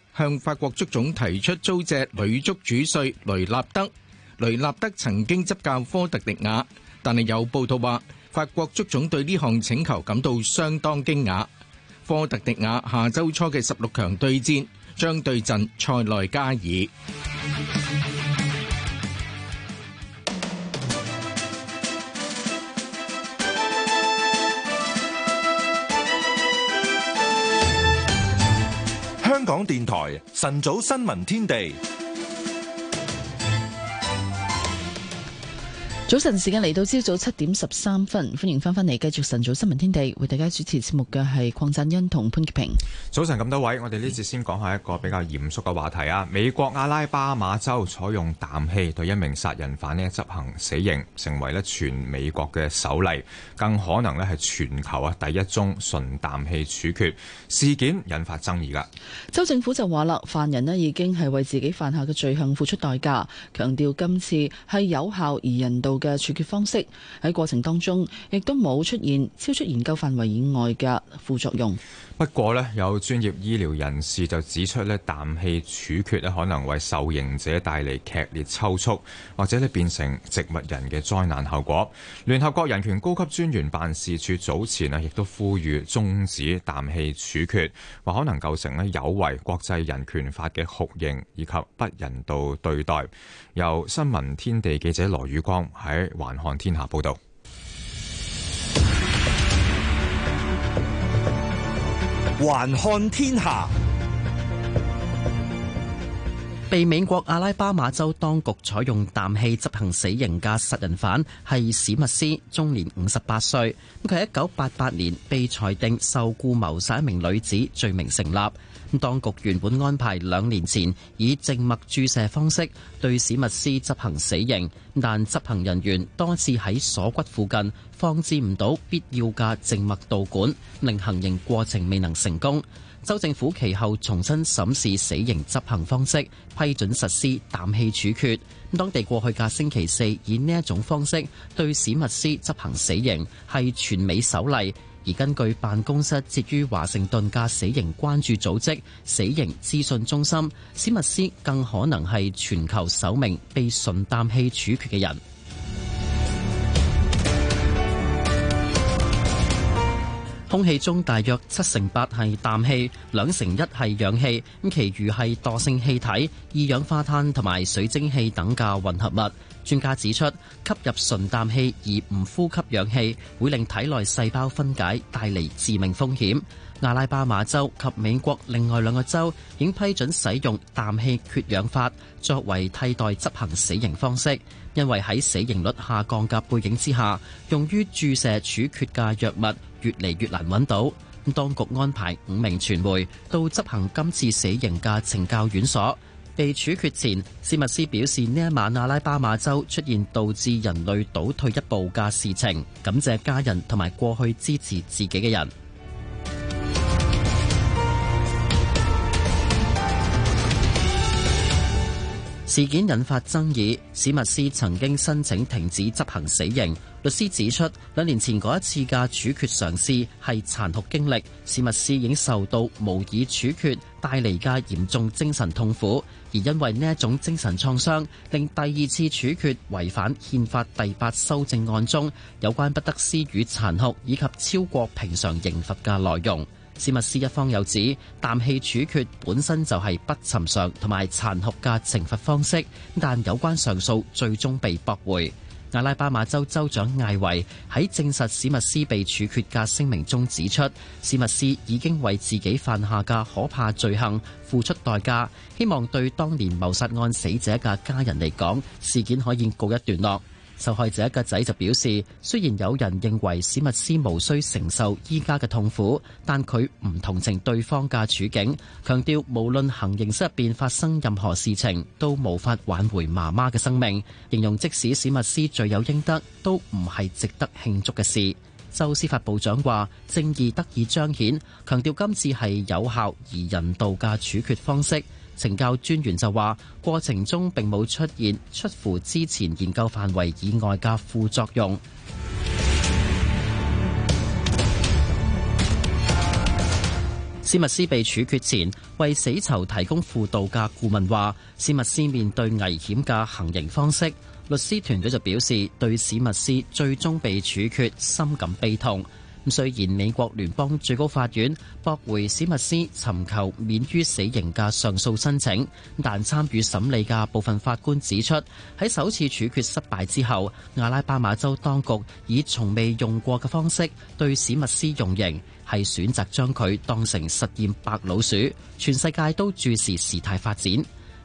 向法國足總提出租借女足主帥雷納德，雷納德曾經執教科特迪瓦，但係有報道話法國足總對呢項請求感到相當驚訝。科特迪瓦下周初嘅十六強對戰將對陣塞內加爾。港電台晨早新聞天地。早晨時間嚟到朝早七點十三分，歡迎翻返嚟，繼續晨早新聞天地，為大家主持節目嘅係鄺振恩同潘潔平。早晨咁多位，我哋呢次先講下一個比較嚴肅嘅話題啊！美國阿拉巴馬州採用氮氣對一名殺人犯呢執行死刑，成為咧全美國嘅首例，更可能咧係全球啊第一宗純氮氣處決事件，引發爭議啦。州政府就話啦，犯人咧已經係為自己犯下嘅罪行付出代價，強調今次係有效而人道嘅處決方式喺過程當中，亦都冇出現超出研究範圍以外嘅副作用。不過咧，有專業醫療人士就指出咧，氮氣處決咧可能為受刑者帶嚟劇烈抽搐，或者咧變成植物人嘅災難後果。聯合國人權高級專員辦事處早前啊，亦都呼籲終止氮氣處決，或可能構成咧有違國際人權法嘅酷刑以及不人道對待。由新聞天地記者羅宇光喺環看天下報導。環看天下，被美國阿拉巴馬州當局採用氮氣執行死刑嘅殺人犯係史密斯，終年五十八歲。佢喺一九八八年被裁定受僱謀殺一名女子，罪名成立。當局原本安排兩年前以靜脈注射方式對史密斯執行死刑，但執行人員多次喺鎖骨附近放置唔到必要嘅靜脈導管，令行刑過程未能成功。州政府其後重新審視死刑執行方式，批准實施氮氣處決。當地過去嘅星期四以呢一種方式對史密斯執行死刑，係全美首例。而根據辦公室設於華盛頓嘅死刑關注組織死刑資訊中心，史密斯更可能係全球首名被純氮氣處決嘅人。空氣中大約七成八係氮氣，兩成一係氧氣，咁其餘係惰性氣體、二氧化碳同埋水蒸氣等嘅混合物。專家指出，吸入純氮氣而唔呼吸氧氣，會令體內細胞分解帶嚟致命風險。阿拉巴馬州及美國另外兩個州已經批准使用氮氣缺氧法作為替代執行死刑方式，因為喺死刑率下降嘅背景之下，用於注射處決嘅藥物越嚟越難揾到。咁當局安排五名傳媒到執行今次死刑嘅懲教院所。被處決前，史密斯表示呢一晚阿拉巴馬州出現導致人類倒退一步嘅事情，感謝家人同埋過去支持自己嘅人。 事件引發爭議，史密斯曾經申請停止執行死刑。律師指出，兩年前嗰一次嘅處決嘗試係殘酷經歷，史密斯已經受到無以處決帶嚟嘅嚴重精神痛苦，而因為呢一種精神創傷，令第二次處決違反憲法第八修正案中有關不得施予殘酷以及超過平常刑罰嘅內容。史密斯一方又指，氮氣處決本身就係不尋常同埋殘酷嘅懲罰方式，但有關上訴最終被駁回。阿拉巴馬州州長艾維喺證實史密斯被處決嘅聲明中指出，史密斯已經為自己犯下嘅可怕罪行付出代價，希望對當年謀殺案死者嘅家人嚟講，事件可以告一段落。受害者嘅仔就表示，雖然有人認為史密斯無需承受依家嘅痛苦，但佢唔同情對方嘅處境，強調無論行刑室入邊發生任何事情，都無法挽回媽媽嘅生命。形容即使史密斯罪有應得，都唔係值得慶祝嘅事。州司法部長話正義得以彰顯，強調今次係有效而人道嘅處決方式。懲教專員就話，過程中並冇出現出乎之前研究範圍以外嘅副作用。 史密斯被處決前，為死囚提供輔導嘅顧問話，史密斯面對危險嘅行刑方式。律師團隊就表示，對史密斯最終被處決深感悲痛。雖然美國聯邦最高法院駁回史密斯尋求免於死刑嘅上訴申請，但參與審理嘅部分法官指出，喺首次處決失敗之後，阿拉巴馬州當局以從未用過嘅方式對史密斯用刑，係選擇將佢當成實驗白老鼠。全世界都注視事態發展。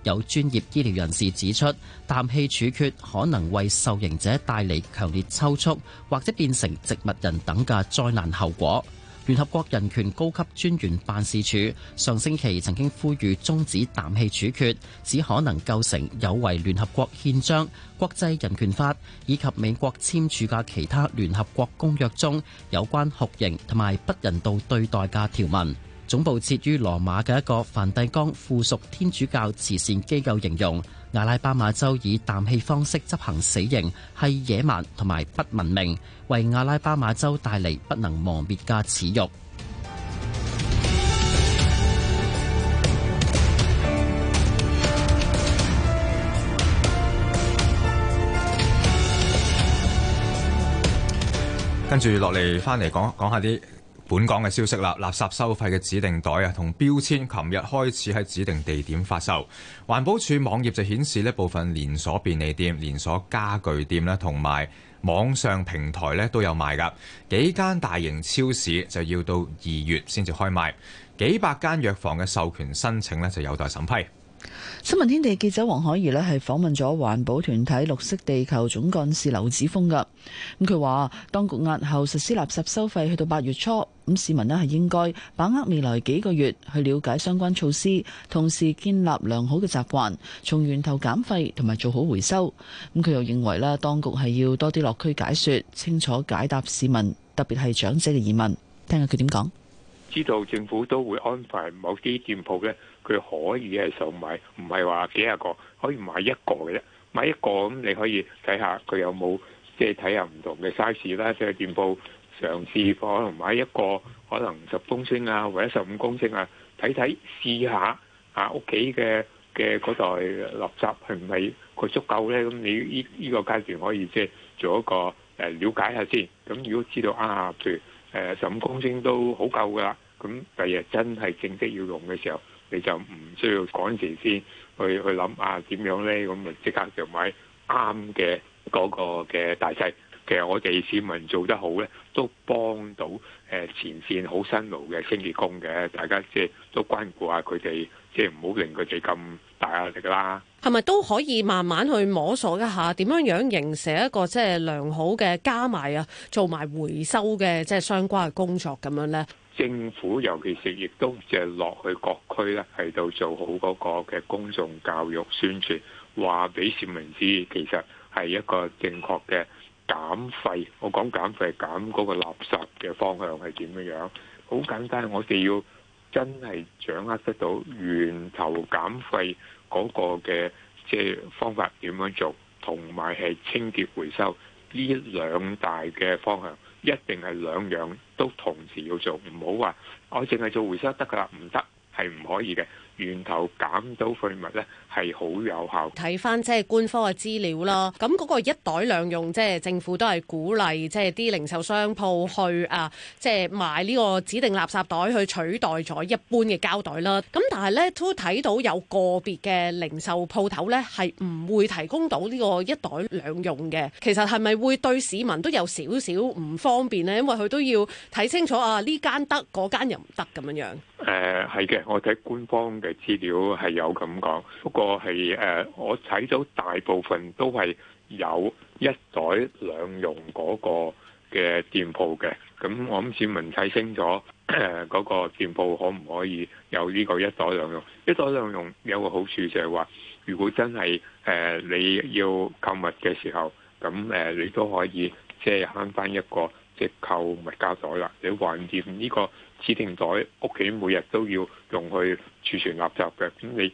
有專業醫療人士指出，氮氣處決可能為受刑者帶嚟強烈抽搐，或者變成植物人等嘅災難後果。聯合國人權高級專員辦事處上星期曾經呼籲終止氮氣處決，只可能構成有違聯合國憲章、國際人權法以及美國簽署嘅其他聯合國公約中有關酷刑同埋不人道對待嘅條文。總部設於羅馬嘅一個梵蒂岡附屬天主教慈善機構形容，阿拉巴馬州以氮氣方式執行死刑係野蠻同埋不文明，為阿拉巴馬州帶嚟不能磨滅嘅恥辱。跟住落嚟，翻嚟講講下啲。本港嘅消息啦，垃圾收費嘅指定袋啊，同標籤，琴日開始喺指定地點發售。環保署網頁就顯示呢部分連鎖便利店、連鎖家具店啦同埋網上平台咧都有賣㗎。幾間大型超市就要到二月先至開賣，幾百間藥房嘅授權申請呢就有待審批。新聞天地記者黃海怡咧，係訪問咗環保團體綠色地球總幹事劉子峰噶。咁，佢話當局押後實施垃圾收費，去到八月初咁，市民咧，係應該把握未來幾個月去了解相關措施，同時建立良好嘅習慣，從源頭減廢同埋做好回收。咁佢又認為咧，當局係要多啲落區解說，清楚解答市民，特別係長者嘅疑問。聽下佢點講。知道政府都會安排某啲店鋪呢，佢可以係售賣，唔係話幾廿個可以買一個嘅啫。買一個，咁你可以睇下佢有冇，即係睇下唔同嘅 size 啦，即係店鋪嘗試貨，可能買一個，可能十公升啊，或者十五公升啊，睇睇試下吓屋企嘅嘅嗰袋垃圾係唔係佢足夠呢？咁你呢呢個階段可以即係做一個誒了解下先。咁如果知道啊，譬如誒十五公升都好夠㗎啦。咁第日真係正式要用嘅時候，你就唔需要趕時先去去諗啊，點樣咧？咁啊，即刻就買啱嘅嗰個嘅大細。其實我哋市民做得好咧，都幫到誒前線好辛勞嘅清潔工嘅。大家即係都關顧下佢哋，即係唔好令佢哋咁大壓力啦。係咪都可以慢慢去摸索一下，點樣樣形成一個即係良好嘅加埋啊，做埋回收嘅即係相關嘅工作咁樣咧？政府尤其是亦都淨係落去各區咧，係度做好嗰個嘅公眾教育宣傳，話俾市民知，其實係一個正確嘅減廢。我講減廢減減嗰個垃圾嘅方向係點樣樣？好簡單，我哋要真係掌握得到源頭減廢嗰個嘅即係方法點樣做，同埋係清潔回收呢兩大嘅方向。一定係兩樣都同時要做，唔好話我淨係做回收得噶啦，唔得，係唔可以嘅。源頭減到廢物咧係好有效。睇翻即係官方嘅資料啦，咁嗰個一袋兩用即係政府都係鼓勵，即係啲零售商鋪去啊，即係買呢個指定垃圾袋去取代咗一般嘅膠袋啦。咁但係呢，都睇到有個別嘅零售鋪頭呢係唔會提供到呢個一袋兩用嘅。其實係咪會對市民都有少少唔方便呢？因為佢都要睇清楚啊，呢間得，嗰間又唔得咁樣樣。誒係嘅，我睇官方嘅資料係有咁講，不過係誒、呃、我睇到大部分都係有一袋兩用嗰個嘅店鋪嘅，咁我諗市民睇清楚誒嗰、那個店鋪可唔可以有呢個一袋兩用？一袋兩用有個好處就係話，如果真係誒、呃、你要購物嘅時候，咁誒、呃、你都可以即係慳翻一個即係購物膠袋啦。你橫掂呢個，指定袋屋企每日都要用去儲存垃圾嘅，咁你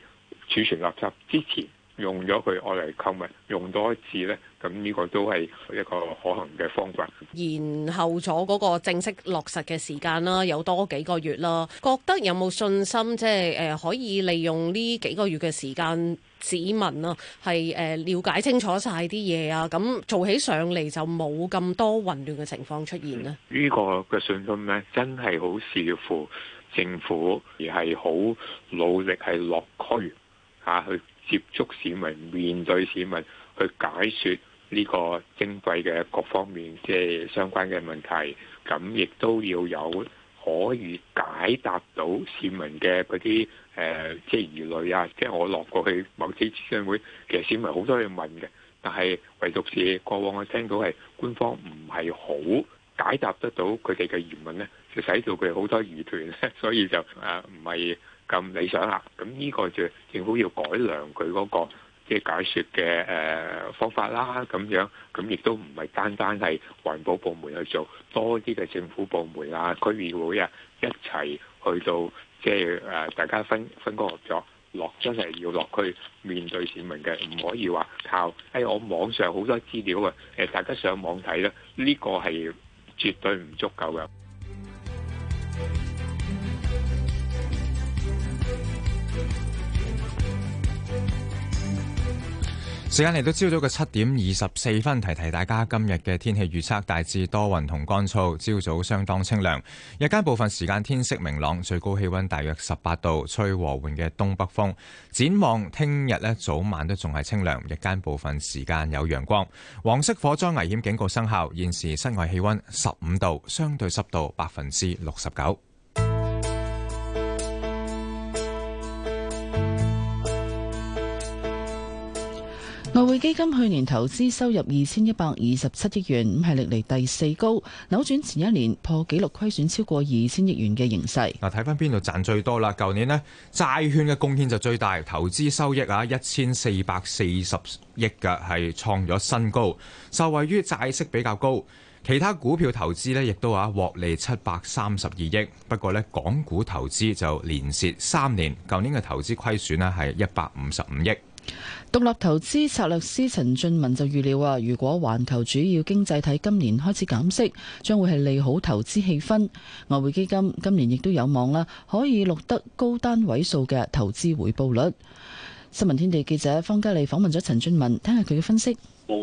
儲存垃圾之前用咗佢愛嚟購物用多一次咧，咁呢個都係一個可行嘅方法。延後咗嗰個正式落實嘅時間啦，有多幾個月啦，覺得有冇信心即係誒可以利用呢幾個月嘅時間？市民啊，係誒了解清楚晒啲嘢啊，咁做起上嚟就冇咁多混亂嘅情況出現啦。呢、嗯這個嘅信心咧，真係好視乎政府而係好努力係落區嚇、啊、去接觸市民，面對市民去解説呢個精貴嘅各方面即係相關嘅問題，咁亦都要有。可以解答到市民嘅嗰啲誒，即係疑慮啊！即係我落過去某啲諮詢會，其實市民好多嘢問嘅，但係唯獨是過往我聽到係官方唔係好解答得到佢哋嘅疑問咧，就使到佢好多疑團，所以就誒唔係咁理想啦。咁呢個就政府要改良佢嗰個。即解說嘅誒方法啦，咁樣咁亦都唔係單單係環保部門去做，多啲嘅政府部門啊、區議會啊一齊去到即係誒大家分分工合作，落真係要落去面對市民嘅，唔可以話靠誒、哎、我網上好多資料啊，誒大家上網睇啦，呢、這個係絕對唔足夠嘅。時間嚟到朝早嘅七點二十四分，提提大家今日嘅天氣預測，大致多雲同乾燥，朝早相當清涼。日間部分時間天色明朗，最高氣溫大約十八度，吹和緩嘅東北風。展望聽日，呢早晚都仲係清涼，日間部分時間有陽光。黃色火災危險警告生效，現時室外氣溫十五度，相對濕度百分之六十九。外匯基金去年投資收入二千一百二十七億元，係歷嚟第四高，扭轉前一年破紀錄虧損超過二千億元嘅形勢。嗱，睇翻邊度賺最多啦？舊年呢，債券嘅貢獻就最大，投資收益啊一千四百四十億嘅係創咗新高，受惠於債息比較高。其他股票投資呢亦都啊獲利七百三十二億，不過呢，港股投資就連蝕三年，舊年嘅投資虧損呢係一百五十五億。獨立投資策略師陳俊文就預料啊，如果環球主要經濟體今年開始減息，將會係利好投資氣氛。外匯基金今年亦都有望啦，可以錄得高單位數嘅投資回報率。新聞天地記者方嘉麗訪問咗陳俊文，聽下佢嘅分析。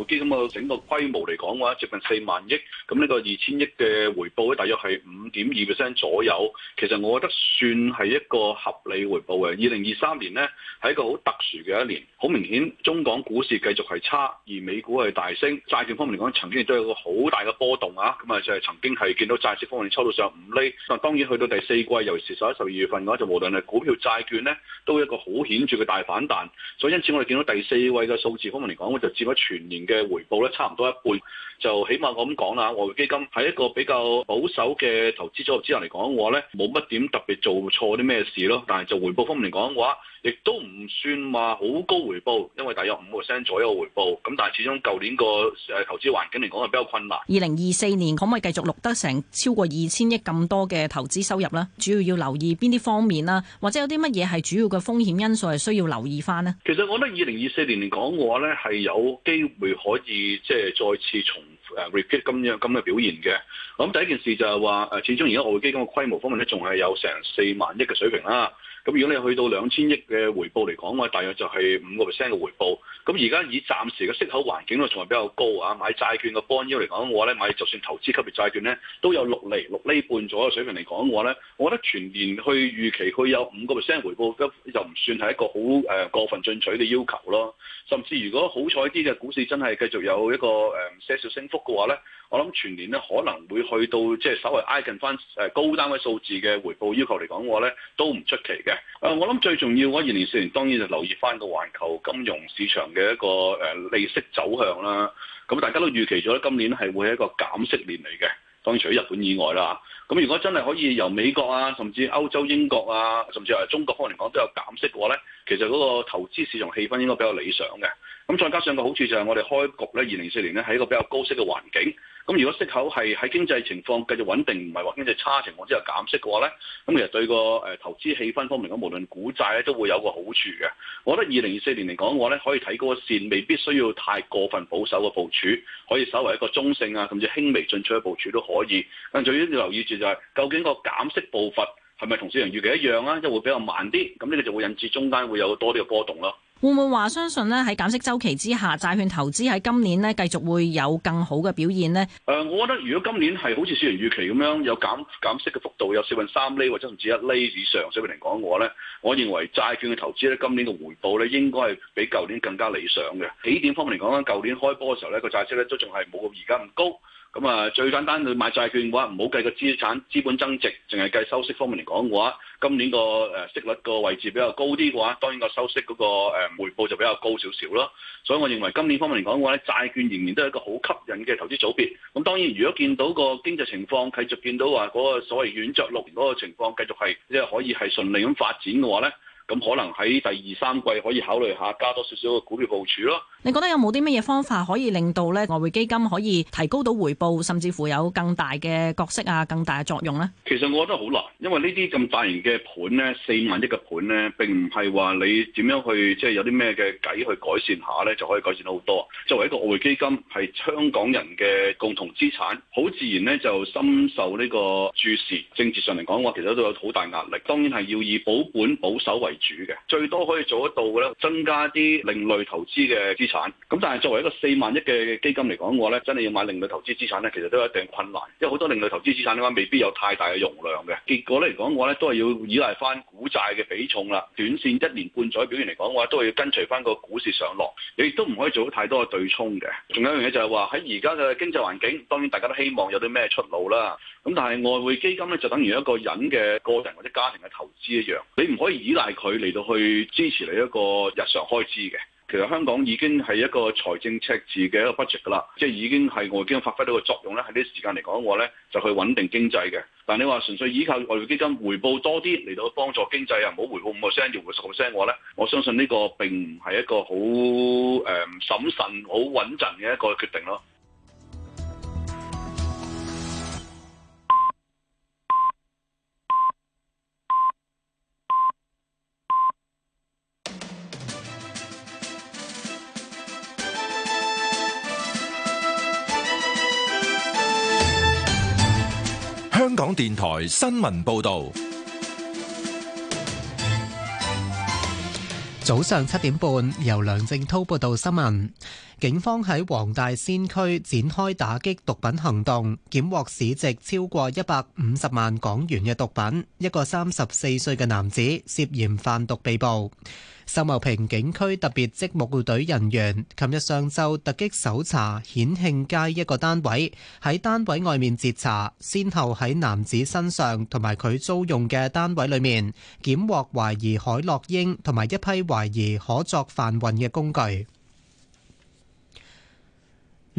基金咁嘅整個規模嚟講嘅話，接近四萬億，咁呢個二千億嘅回報咧，大約係五點二 percent 左右。其實我覺得算係一個合理回報嘅。二零二三年呢，係一個好特殊嘅一年，好明顯中港股市繼續係差，而美股係大升。債券方面嚟講，曾經都有個好大嘅波動啊，咁啊就係、是、曾經係見到債券方面抽到上五厘。但當然去到第四季，尤其是十一、十二月份嘅話，就無論係股票、債券呢，都一個好顯著嘅大反彈。所以因此我哋見到第四位嘅數字方面嚟講，我就佔咗全年嘅回報咧差唔多一半，就起碼我咁講啦，外匯基金喺一個比較保守嘅投資組合之下嚟講嘅話，咧冇乜點特別做錯啲咩事咯。但係就回報方面嚟講嘅話，亦都唔算話好高回報，因為大約五個 percent 左右回報咁。但係始終舊年個誒投資環境嚟講，係比較困難。二零二四年可唔可以繼續錄得成超過二千億咁多嘅投資收入咧？主要要留意邊啲方面啦，或者有啲乜嘢係主要嘅風險因素係需要留意翻呢。其實我覺得二零二四年嚟講嘅話，咧係有機會。可以即係再次重誒、呃、repeat 咁樣咁嘅表現嘅，咁、嗯、第一件事就係話，誒、呃，始終而家外匯基金嘅規模方面咧，仲係有成四萬億嘅水平啦。咁如果你去到兩千億嘅回報嚟講嘅話，大約就係五個 percent 嘅回報。咁而家以暫時嘅息口環境咧，仲係比較高啊！買債券嘅 bond yield 嚟講嘅話咧，買就算投資級別債券咧，都有六厘、六厘半左右水平嚟講嘅話咧，我覺得全年去預期佢有五個 percent 回報，又唔算係一個好誒、呃、過分進取嘅要求咯。甚至如果好彩啲嘅股市真係繼續有一個誒些、呃、少，少升幅嘅話咧，我諗全年咧可能會去到即係、就是、稍微挨近翻誒高單位數字嘅回報要求嚟講嘅話咧，都唔出奇嘅。啊！我諗最重要，我二零四年當然就留意翻個環球金融市場嘅一個誒利息走向啦。咁大家都預期咗，今年係會係一個減息年嚟嘅。當然除咗日本以外啦。咁如果真係可以由美國啊，甚至歐洲、英國啊，甚至係中國方面嚟講都有減息嘅話咧，其實嗰個投資市場氣氛應該比較理想嘅。咁再加上個好處就係我哋開局咧，二零四年咧係一個比較高息嘅環境。咁如果息口係喺經濟情況繼續穩定，唔係話經濟差情況之下減息嘅話呢，咁其實對個誒投資氣氛方面，咁無論股債咧都會有個好處嘅。我覺得二零二四年嚟講我呢，可以睇嗰個線未必需要太過分保守嘅部署，可以稍為一個中性啊，甚至輕微進取嘅部署都可以。但最緊要留意住就係、是，究竟個減息步伐係咪同市場預期一樣啊？即係會比較慢啲，咁呢個就會引致中間會有多啲嘅波動咯。會唔會話相信咧喺減息周期之下，債券投資喺今年咧繼續會有更好嘅表現呢？誒、呃，我覺得如果今年係好似市場預期咁樣有減減息嘅幅度，有四分三厘或者甚至一厘以上所以嚟講嘅話咧，我認為債券嘅投資咧今年嘅回報咧應該係比舊年更加理想嘅。起點方面嚟講咧，舊年開波嘅時候咧個債息咧都仲係冇咁而家咁高。咁啊，最簡單你買債券嘅話，唔好計個資產資本增值，淨係計收息方面嚟講嘅話，今年個誒息率個位置比較高啲嘅話，當然個收息嗰個誒回報就比較高少少咯。所以，我認為今年方面嚟講嘅話，債券仍然都係一個好吸引嘅投資組別。咁當然，如果見到個經濟情況繼續見到話嗰個所謂軟著陸嗰個情況繼續係即係可以係順利咁發展嘅話咧。咁可能喺第二三季可以考慮下加多少少嘅股票部署咯。你覺得有冇啲咩嘢方法可以令到咧外匯基金可以提高到回報,甚至乎有更大嘅角色啊、更大嘅作用咧？其實我覺得好難，因為呢啲咁大型嘅盤咧，四萬億嘅盤咧，並唔係話你點樣去即係、就是、有啲咩嘅計去改善下咧，就可以改善到好多。作為一個外匯基金，係香港人嘅共同資產，好自然咧就深受呢個注視。政治上嚟講，我其實都有好大壓力。當然係要以保本保守為。主嘅最多可以做得到嘅咧，增加啲另類投資嘅資產。咁但係作為一個四萬億嘅基金嚟講嘅話咧，真係要買另類投資資產咧，其實都有一定困難，因為好多另類投資資產嘅話，未必有太大嘅容量嘅。結果咧嚟講嘅話咧，都係要依賴翻股債嘅比重啦。短線一年半載表現嚟講嘅話，都係要跟隨翻個股市上落。你亦都唔可以做到太多嘅對沖嘅。仲有一樣嘢就係話喺而家嘅經濟環境，當然大家都希望有啲咩出路啦。咁但係外匯基金咧，就等於一個人嘅個、個人或者家庭嘅投資一樣，你唔可以依賴佢。佢嚟到去支持你一個日常開支嘅，其實香港已經係一個財政赤字嘅一個 budget 噶啦，即係已經係外匯基金發揮到個作用咧。喺呢啲時間嚟講嘅話咧，就去穩定經濟嘅。但係你話純粹依靠外匯基金回報多啲嚟到幫助經濟啊，唔好回報五個 percent，要回十個 percent 嘅話，我咧我相信呢個並唔係一個好誒審慎、好穩陣嘅一個決定咯。香港電台新聞報道，早上七點半，由梁正濤報道新聞。警方喺黃大仙區展開打擊毒品行動，檢獲市值超過一百五十萬港元嘅毒品。一個三十四歲嘅男子涉嫌販毒被捕。秀茂坪警區特別職務隊人員，琴日上晝突擊搜查顯慶街一個單位，喺單位外面截查，先後喺男子身上同埋佢租用嘅單位裏面，檢獲懷疑海洛英同埋一批懷疑可作販運嘅工具。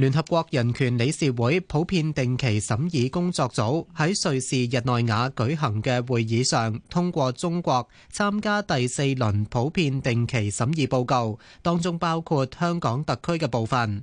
聯合國人權理事會普遍定期審議工作組喺瑞士日內瓦舉行嘅會議上，通過中國參加第四輪普遍定期審議報告，當中包括香港特區嘅部分。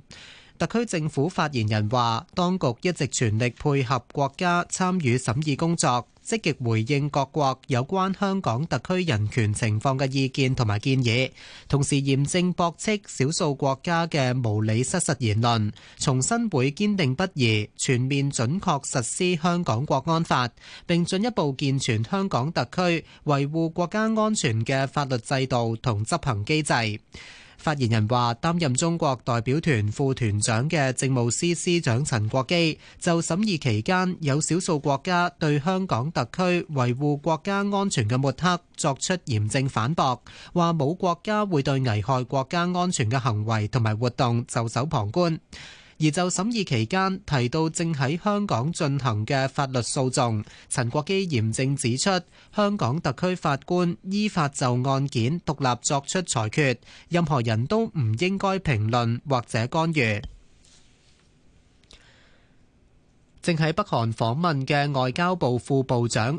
特區政府發言人話，當局一直全力配合國家參與審議工作積極回應各國有關香港特區人權情況嘅意見同埋建議，同時嚴正駁斥少數國家嘅無理失實言論，重申會堅定不移、全面準確實施香港國安法，並進一步健全香港特區維護國家安全嘅法律制度同執行機制。發言人話，擔任中國代表團副團長嘅政務司司長陳國基就審議期間有少數國家對香港特區維護國家安全嘅抹黑作出嚴正反駁，話冇國家會對危害國家安全嘅行為同埋活動袖手旁觀。而就審議期間，提到正喺香港進行嘅法律訴訟，陳國基嚴正指出，香港特區法官依法就案件獨立作出裁決，任何人都唔應該評論或者干預。正喺北韓訪問嘅外交部副部長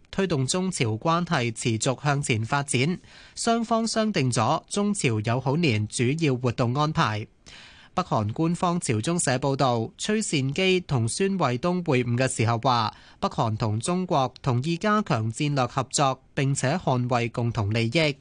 推動中朝關係持續向前發展，雙方商定咗中朝友好年主要活動安排。北韓官方朝中社報道，崔善姬同孫衛東會晤嘅時候話，北韓同中國同意加強戰略合作，並且捍衛共同利益。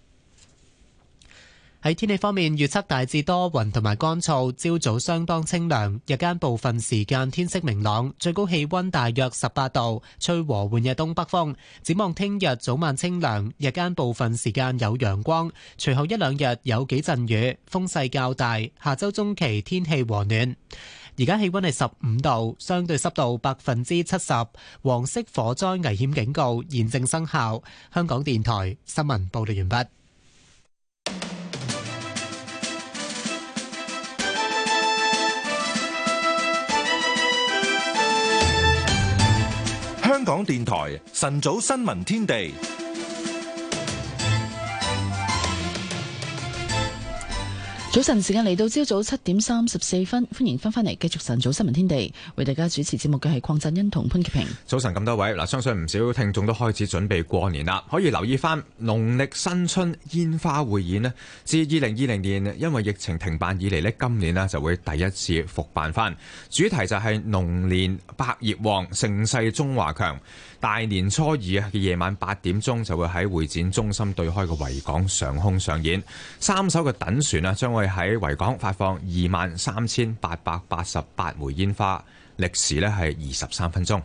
喺天氣方面，預測大致多雲同埋乾燥，朝早相當清涼，日間部分時間天色明朗，最高氣溫大約十八度，吹和緩嘅東北風。展望聽日早晚清涼，日間部分時間有陽光，隨後一兩日有幾陣雨，風勢較大。下周中期天氣和暖。而家氣溫係十五度，相對濕度百分之七十，黃色火災危險警告現正生效。香港電台新聞報道完畢。港電台晨早新聞天地。早晨時間嚟到朝早七點三十四分，歡迎翻返嚟繼續晨早新聞天地，為大家主持節目嘅係鄺振欣同潘潔平。早晨咁多位，嗱，相信唔少聽眾都開始準備過年啦，可以留意翻農曆新春煙花匯演咧，自二零二零年因為疫情停辦以嚟咧，今年咧就會第一次復辦翻，主題就係龍年百業旺，盛世中華強。大年初二嘅夜晚八點鐘就會喺會展中心對開嘅維港上空上演三艘嘅等船啊，將會喺維港發放二萬三千八百八十八枚煙花，歷時咧係二十三分鐘。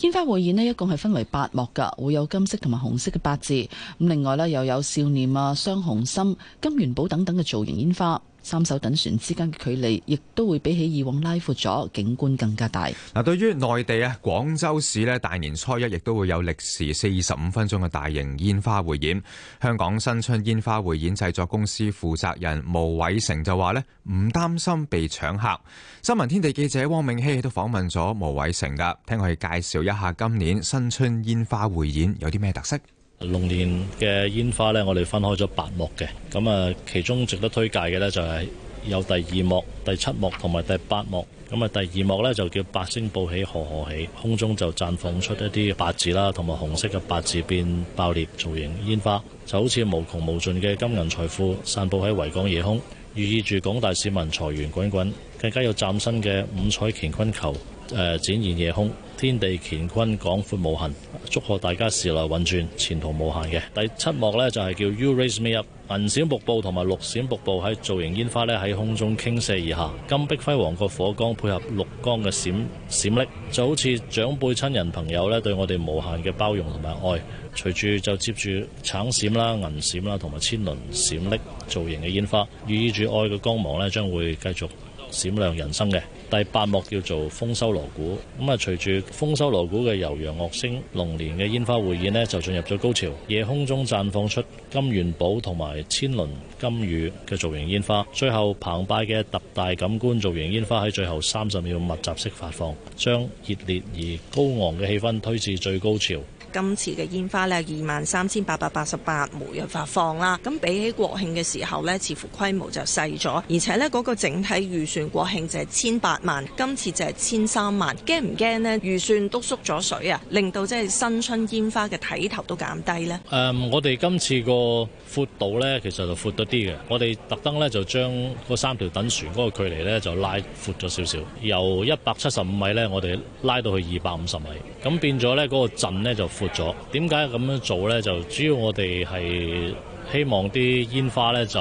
煙花匯演咧，一共係分為八幕噶，會有金色同埋紅色嘅八字，咁另外咧又有少年、啊、雙紅心、金元寶等等嘅造型煙花。三艘等船之間嘅距離，亦都會比起以往拉闊咗，景觀更加大。嗱、啊，對於內地啊，廣州市咧大年初一亦都會有歷時四十五分鐘嘅大型煙花匯演。香港新春煙花匯演製作公司負責人毛偉成就話咧，唔擔心被搶客。新聞天地記者汪銘希亦都訪問咗毛偉成噶，聽佢介紹一下今年新春煙花匯演有啲咩特色。龍年嘅煙花呢，我哋分開咗八幕嘅，咁啊，其中值得推介嘅呢，就係有第二幕、第七幕同埋第八幕。咁啊，第二幕呢，就叫八星報喜，何何喜，空中就綻放出一啲八字啦，同埋紅色嘅八字變爆裂造型煙花，就好似無窮無盡嘅金銀財富散布喺維港夜空，寓意住廣大市民財源滾滾。更加有嶄新嘅五彩乾坤球。呃、展現夜空，天地乾坤廣闊無限。祝賀大家時來運轉，前途無限嘅。第七幕呢，就係、是、叫 You Raise Me Up，銀閃瀑布同埋綠閃瀑布喺造型煙花呢，喺空中傾瀉而下，金碧輝煌個火光配合綠光嘅閃閃爍，就好似長輩、親人、朋友呢對我哋無限嘅包容同埋愛。隨住就接住橙閃啦、銀閃啦同埋千輪閃爍造型嘅煙花，寓意住愛嘅光芒呢將會繼續閃亮人生嘅第八幕叫做豐收鑼鼓，咁啊隨住豐收鑼鼓嘅悠揚樂聲，龍年嘅煙花匯演咧就進入咗高潮，夜空中綻放出金元寶同埋千輪金魚嘅造型煙花，最後澎湃嘅特大感官造型煙花喺最後三十秒密集式發放，將熱烈而高昂嘅氣氛推至最高潮。今次嘅煙花咧，二萬三千八百八十八枚日發放啦。咁比起國慶嘅時候咧，似乎規模就細咗，而且咧嗰個整體預算國慶就係千八萬，今次就係千三萬。驚唔驚咧？預算都縮咗水啊，令到即係新春煙花嘅睇頭都減低呢。誒、嗯，我哋今次個闊度咧，其實就闊咗啲嘅。我哋特登咧就將嗰三條等船嗰個距離咧就拉闊咗少少，由一百七十五米咧，我哋拉到去二百五十米。咁變咗咧，嗰個陣咧就。闊咗，點解咁樣做呢？就主要我哋係希望啲煙花呢，就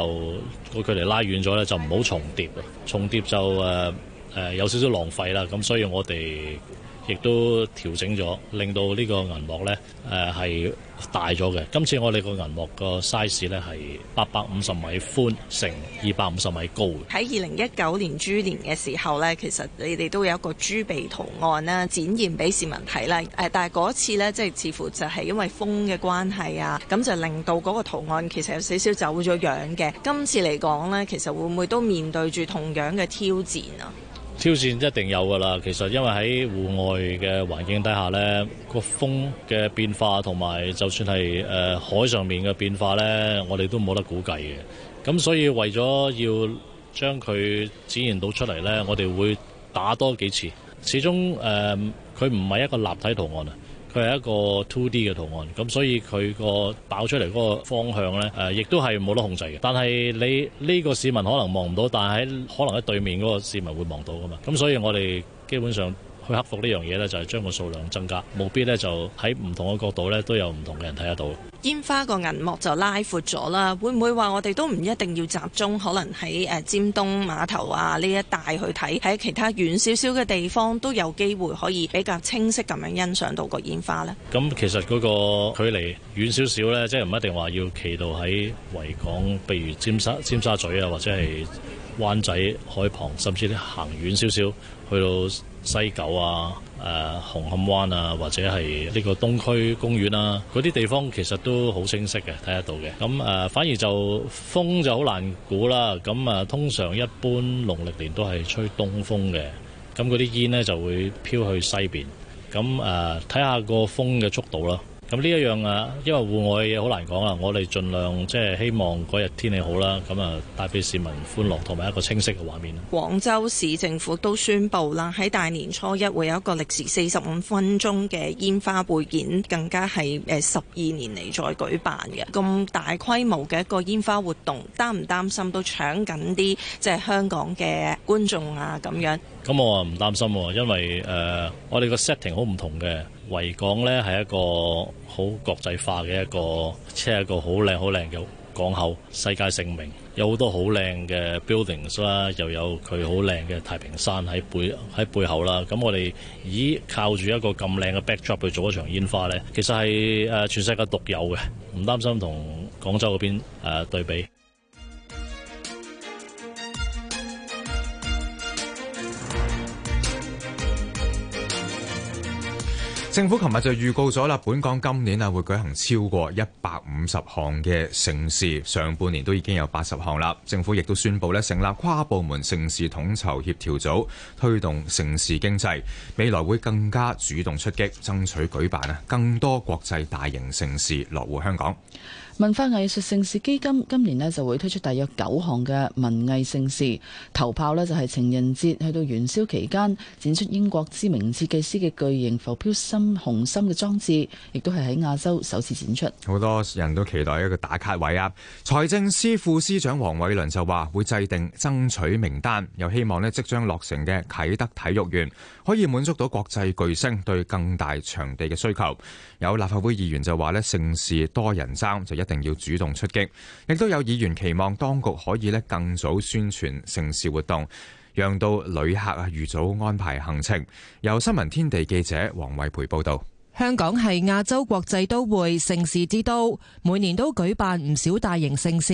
個距離拉遠咗呢，就唔好重疊。重疊就誒誒、呃、有少少浪費啦。咁所以我哋亦都調整咗，令到呢個銀幕呢，誒係，呃大咗嘅，今次我哋個銀幕個 size 呢係八百五十米寬乘二百五十米高。喺二零一九年豬年嘅時候呢，其實你哋都有一個豬鼻圖案呢展現俾市民睇啦。誒，但係嗰次呢，即係似乎就係因為風嘅關係啊，咁就令到嗰個圖案其實有少少走咗樣嘅。今次嚟講呢，其實會唔會都面對住同樣嘅挑戰啊？挑戰一定有㗎啦，其實因為喺戶外嘅環境底下，呢個風嘅變化，同埋就算係誒、呃、海上面嘅變化，呢我哋都冇得估計嘅。咁所以為咗要將佢展現到出嚟，呢我哋會打多幾次。始終誒，佢唔係一個立體圖案啊。佢係一個 two D 嘅圖案，咁所以佢個爆出嚟嗰個方向呢，誒、呃，亦都係冇得控制嘅。但係你呢、呢個市民可能望唔到，但係可能喺對面嗰個市民會望到噶嘛。咁所以我哋基本上。去克服呢樣嘢咧，就係將個數量增加，務必咧就喺唔同嘅角度咧都有唔同嘅人睇得到。煙花個銀幕就拉闊咗啦，會唔會話我哋都唔一定要集中，可能喺誒尖東碼頭啊呢一帶去睇，喺其他遠少少嘅地方都有機會可以比較清晰咁樣欣賞到個煙花咧？咁其實嗰個距離遠少少咧，即係唔一定話要企到喺維港，譬如尖沙尖沙咀啊，或者係灣仔海旁，甚至你行遠少少去到，西九啊，誒、呃、紅磡灣啊，或者係呢個東區公園啊，嗰啲地方其實都好清晰嘅，睇得到嘅。咁誒、呃，反而就風就好難估啦。咁誒，通常一般農曆年都係吹東風嘅，咁嗰啲煙呢就會飄去西邊。咁誒，睇、呃、下個風嘅速度啦。咁呢一樣啊，因為戶外嘢好難講啊，我哋盡量即係希望嗰日天氣好啦，咁啊帶俾市民歡樂同埋一個清晰嘅畫面。廣州市政府都宣布啦，喺大年初一會有一個歷時四十五分鐘嘅煙花匯演，更加係誒十二年嚟再舉辦嘅咁大規模嘅一個煙花活動，擔唔擔心都搶緊啲即係香港嘅觀眾啊咁樣？咁我啊唔擔心，因為誒、呃、我哋個 setting 好唔同嘅。維港咧係一個好國際化嘅一個，即係一個好靚好靚嘅港口，世界盛名，有好多好靚嘅 buildings 啦，又有佢好靚嘅太平山喺背喺背後啦。咁我哋依靠住一個咁靚嘅 backdrop 去做一場煙花呢，其實係誒全世界獨有嘅，唔擔心同廣州嗰邊誒對比。政府琴日就預告咗啦，本港今年啊會舉行超過一百五十項嘅盛事，上半年都已經有八十項啦。政府亦都宣布咧成立跨部門盛事統籌協調組，推動盛事經濟，未來會更加主動出擊，爭取舉辦啊更多國際大型盛事落戶香港。文化藝術盛事基金今年咧就會推出大約九項嘅文藝盛事，頭炮咧就係情人節去到元宵期間展出英國知名設計師嘅巨型浮標心紅心嘅裝置，亦都係喺亞洲首次展出。好多人都期待一個打卡位啊！財政司副司長黃偉倫就話會制定爭取名單，又希望咧即將落成嘅啟德體育園可以滿足到國際巨星對更大場地嘅需求。有立法會議員就話咧盛事多人爭就一。一定要主動出擊，亦都有議員期望當局可以咧更早宣傳城市活動，讓到旅客啊預早安排行程。由新聞天地記者黃慧培報道。香港係亞洲國際都會、盛事之都，每年都舉辦唔少大型盛事。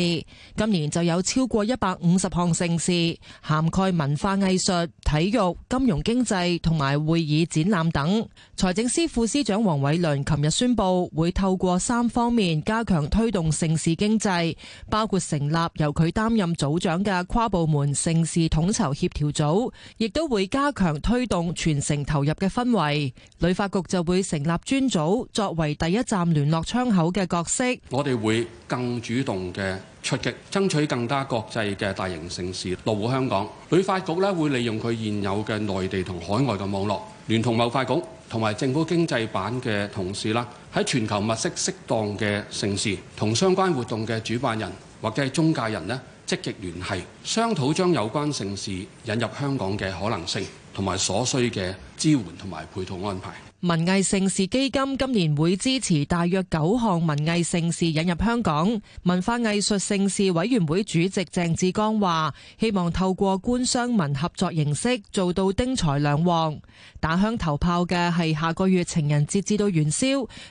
今年就有超過一百五十項盛事，涵蓋文化藝術、體育、金融經濟同埋會議展覽等。財政司副司長黃偉綸琴日宣佈，會透過三方面加強推動盛事經濟，包括成立由佢擔任組長嘅跨部門盛事統籌協調組，亦都會加強推動全城投入嘅氛圍。旅發局就會成立專組作為第一站聯絡窗口嘅角色，我哋會更主動嘅出擊，爭取更加國際嘅大型城市落戶香港。旅發局呢會利用佢現有嘅內地同海外嘅網絡，聯同貿發局同埋政府經濟版嘅同事啦，喺全球物色適當嘅城市同相關活動嘅主辦人或者係中介人呢，積極聯繫商討將有關城市引入香港嘅可能性同埋所需嘅支援同埋配套安排。文藝盛事基金今年會支持大約九項文藝盛事引入香港。文化藝術盛事委員會主席鄭志剛話，希望透過官商民合作形式，做到丁財兩旺。打響頭炮嘅係下個月情人節至到元宵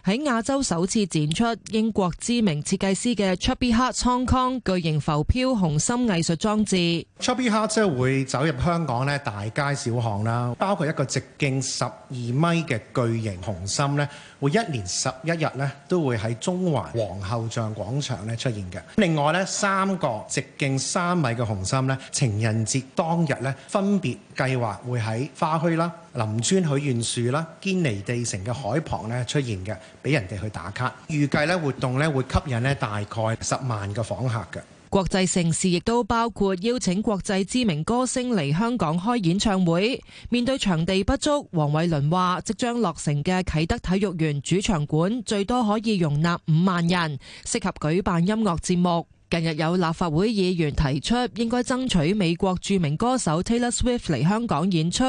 喺亞洲首次展出英國知名設計師嘅 Chubby Hearts Hong Kong 巨型浮漂紅心藝術裝置。Chubby Hearts 即係會走入香港咧，大街小巷啦，包括一個直徑十二米嘅巨巨型紅心咧會一年十一日咧都會喺中環皇后像廣場咧出現嘅。另外咧，三個直徑三米嘅紅心咧，情人節當日咧分別計劃會喺花墟啦、林村許願樹啦、堅尼地城嘅海旁咧出現嘅，俾人哋去打卡。預計咧活動咧會吸引咧大概十萬個訪客嘅。國際城市亦都包括邀請國際知名歌星嚟香港開演唱會。面對場地不足，黃偉倫話，即將落成嘅啟德體育園主場館最多可以容納五萬人，適合舉辦音樂節目。近日有立法會議員提出，應該爭取美國著名歌手 Taylor Swift 嚟香港演出。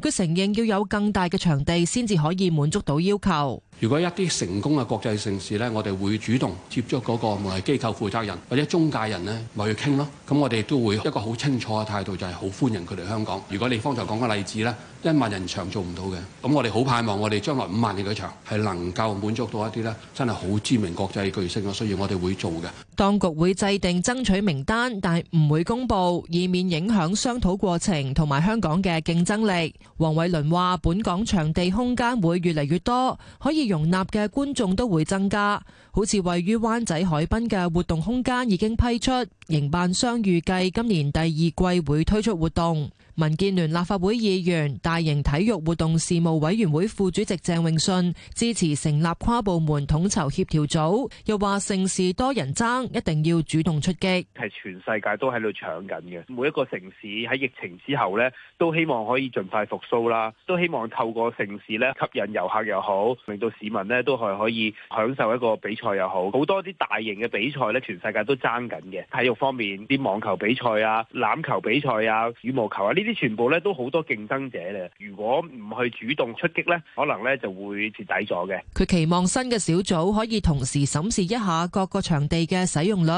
佢承認要有更大嘅場地先至可以滿足到要求。如果一啲成功嘅國際城市咧，我哋會主動接觸嗰個媒體機構負責人或者中介人咧，咪去傾咯。咁我哋都會一個好清楚嘅態度，就係、是、好歡迎佢嚟香港。如果你方才講嘅例子咧，一萬人場做唔到嘅，咁我哋好盼望我哋將來五萬人嗰場係能夠滿足到一啲咧，真係好知名國際巨星啊，所以我哋會做嘅。當局會制定爭取名單，但係唔會公布，以免影響商討過程同埋香港嘅競爭力。黃偉倫話本港場地空間會越嚟越多，可以容納嘅觀眾都會增加。好似位於灣仔海濱嘅活動空間已經批出，營辦商預計今年第二季會推出活動。民建聯立法會議員、大型體育活動事務委員會副主席鄭永信支持成立跨部門統籌協調組，又話城市多人爭，一定要主動出擊。係全世界都喺度搶緊嘅，每一個城市喺疫情之後呢，都希望可以盡快復甦啦，都希望透過城市呢吸引遊客又好，令到市民呢都係可以享受一個比賽。賽又好，好多啲大型嘅比賽咧，全世界都爭緊嘅。體育方面，啲網球比賽啊、籃球比賽啊、羽毛球啊，呢啲全部咧都好多競爭者咧。如果唔去主動出擊咧，可能咧就會蝕底咗嘅。佢期望新嘅小組可以同時審視一下各個場地嘅使用率，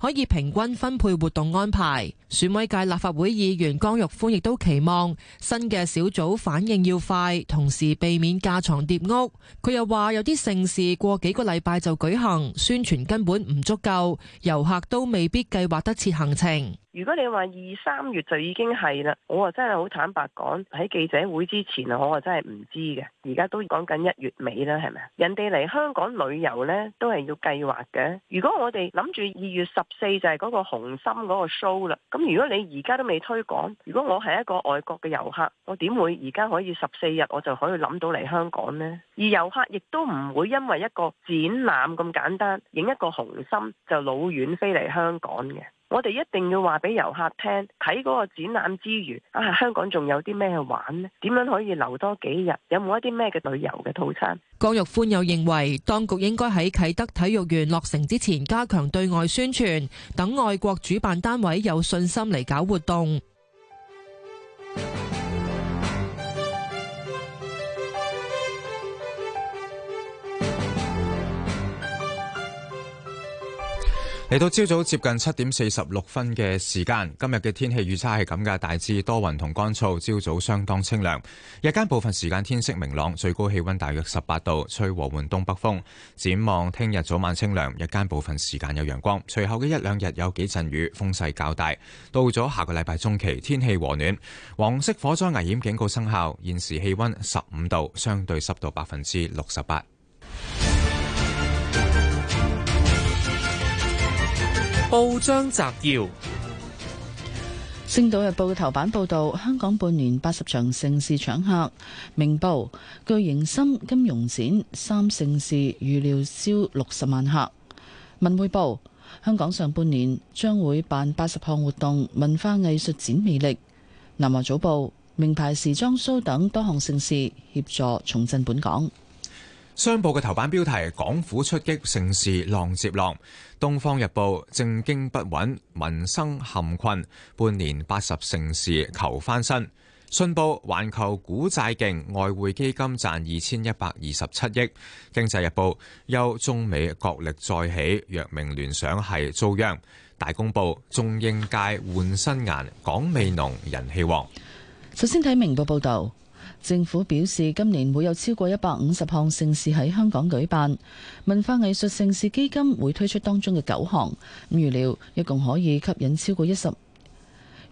可以平均分配活動安排。選委界立法會議員江玉歡亦都期望新嘅小組反應要快，同時避免架床疊屋。佢又話有啲盛事過幾個禮拜就舉。旅行宣傳根本唔足夠，遊客都未必計劃得切行程。如果你話二三月就已經係啦，我啊真係好坦白講，喺記者會之前啊，我啊真係唔知嘅。而家都講緊一月尾啦，係咪？人哋嚟香港旅遊呢，都係要計劃嘅。如果我哋諗住二月十四就係嗰個紅心嗰個 show 啦，咁如果你而家都未推廣，如果我係一個外國嘅遊客，我點會而家可以十四日我就可以諗到嚟香港呢？而遊客亦都唔會因為一個展覽咁簡單，影一個紅心就老遠飛嚟香港嘅。我哋一定要話俾遊客聽，睇嗰個展覽之餘，啊，香港仲有啲咩去玩呢？點樣可以多留多幾日？有冇一啲咩嘅旅遊嘅套餐？江玉歡又認為，當局應該喺啟德體育園落成之前加強對外宣傳，等外國主辦單位有信心嚟搞活動。 嚟到朝早接近七點四十六分嘅時間，今日嘅天氣預測係咁嘅，大致多雲同乾燥，朝早相當清涼，日間部分時間天色明朗，最高氣溫大約十八度，吹和緩東北風。展望聽日早晚清涼，日間部分時間有陽光，隨後嘅一兩日有幾陣雨，風勢較大。到咗下個禮拜中期，天氣和暖。黃色火災危險警告生效，現時氣溫十五度，相對濕度百分之六十八。報章摘要：《星島日報》嘅頭版報道，香港半年八十場盛事搶客。《明報》巨型心金融展三盛事預料超六十萬客。《文匯報》香港上半年將會辦八十項活動，文化藝術展魅力。《南華早報》名牌時裝 show 等多項盛事協助重振本港。商報嘅頭版標題：港府出擊，盛事浪接浪。《東方日報》政經不穩，民生陷困；半年八十城市，求翻身。《信報》環球股債勁，外匯基金賺二千一百二十七億。《經濟日報》憂中美角力再起，若明聯想係遭殃。《大公報》中英界換新顏，港味濃人氣旺。首先睇明報報道。政府表示，今年會有超過一百五十項盛事喺香港舉辦。文化藝術盛事基金會推出當中嘅九項，預料一共可以吸引超過一十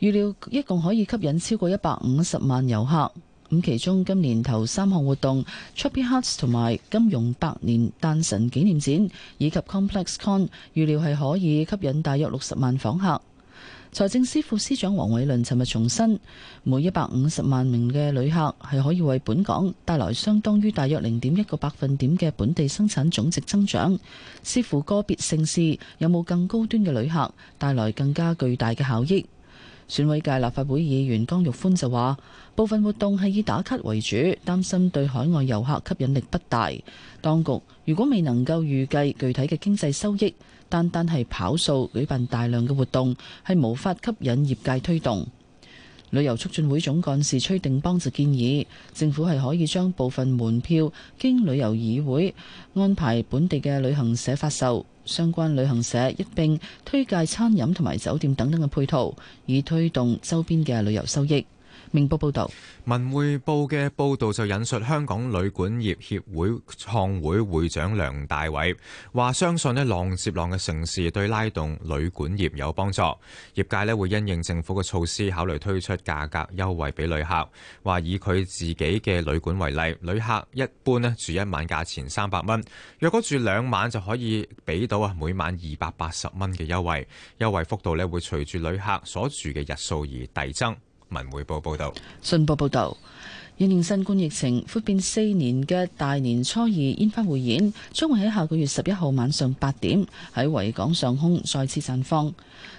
預料一共可以吸引超過一百五十萬遊客。咁其中，今年頭三項活動 Chubby Hearts 同埋金融百年誕辰紀念展以及 ComplexCon 預料係可以吸引大約六十萬訪客。財政司副司長黃偉綸尋日重申，每一百五十萬名嘅旅客係可以為本港帶來相當於大約零點一個百分點嘅本地生產總值增長。視乎個別盛事有冇更高端嘅旅客，帶來更加巨大嘅效益。選委界立法會議員江玉歡就話，部分活動係以打卡為主，擔心對海外遊客吸引力不大。當局如果未能夠預計具體嘅經濟收益。單單係跑數，舉辦大量嘅活動，係無法吸引業界推動。旅遊促進會總幹事崔定邦就建議，政府係可以將部分門票經旅遊議會安排本地嘅旅行社發售，相關旅行社一並推介餐飲同埋酒店等等嘅配套，以推動周邊嘅旅遊收益。明報報導，文匯報嘅報導就引述香港旅館業協會創會會長梁大偉話：相信呢浪接浪嘅城市對拉動旅館業有幫助，業界呢會因應政府嘅措施，考慮推出價格優惠俾旅客。話以佢自己嘅旅館為例，旅客一般呢住一晚價錢三百蚊，若果住兩晚就可以俾到啊每晚二百八十蚊嘅優惠，優惠幅度呢會隨住旅客所住嘅日數而遞增。文匯報報道，信報報道，應驗新冠疫情闊別四年嘅大年初二煙花匯演，將會喺下個月十一號晚上八點喺維港上空再次綻放。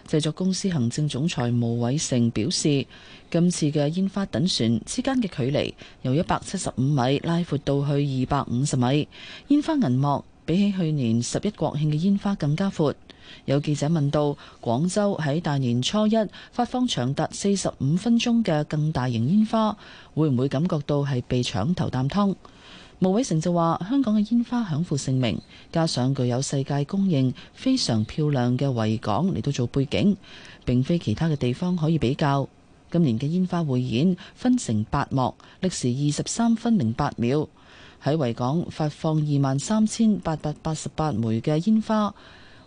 製作公司行政總裁毛偉成表示，今次嘅煙花躉船之間嘅距離由一百七十五米拉闊到去二百五十米，煙花銀幕比起去年十一國慶嘅煙花更加闊。有記者問到：廣州喺大年初一發放長達四十五分鐘嘅更大型煙花，會唔會感覺到係被搶頭啖湯？毛偉成就話：香港嘅煙花享負盛名，加上具有世界公認非常漂亮嘅維港嚟到做背景，並非其他嘅地方可以比較。今年嘅煙花匯演分成八幕，歷時二十三分零八秒，喺維港發放二萬三千八百八十八枚嘅煙花。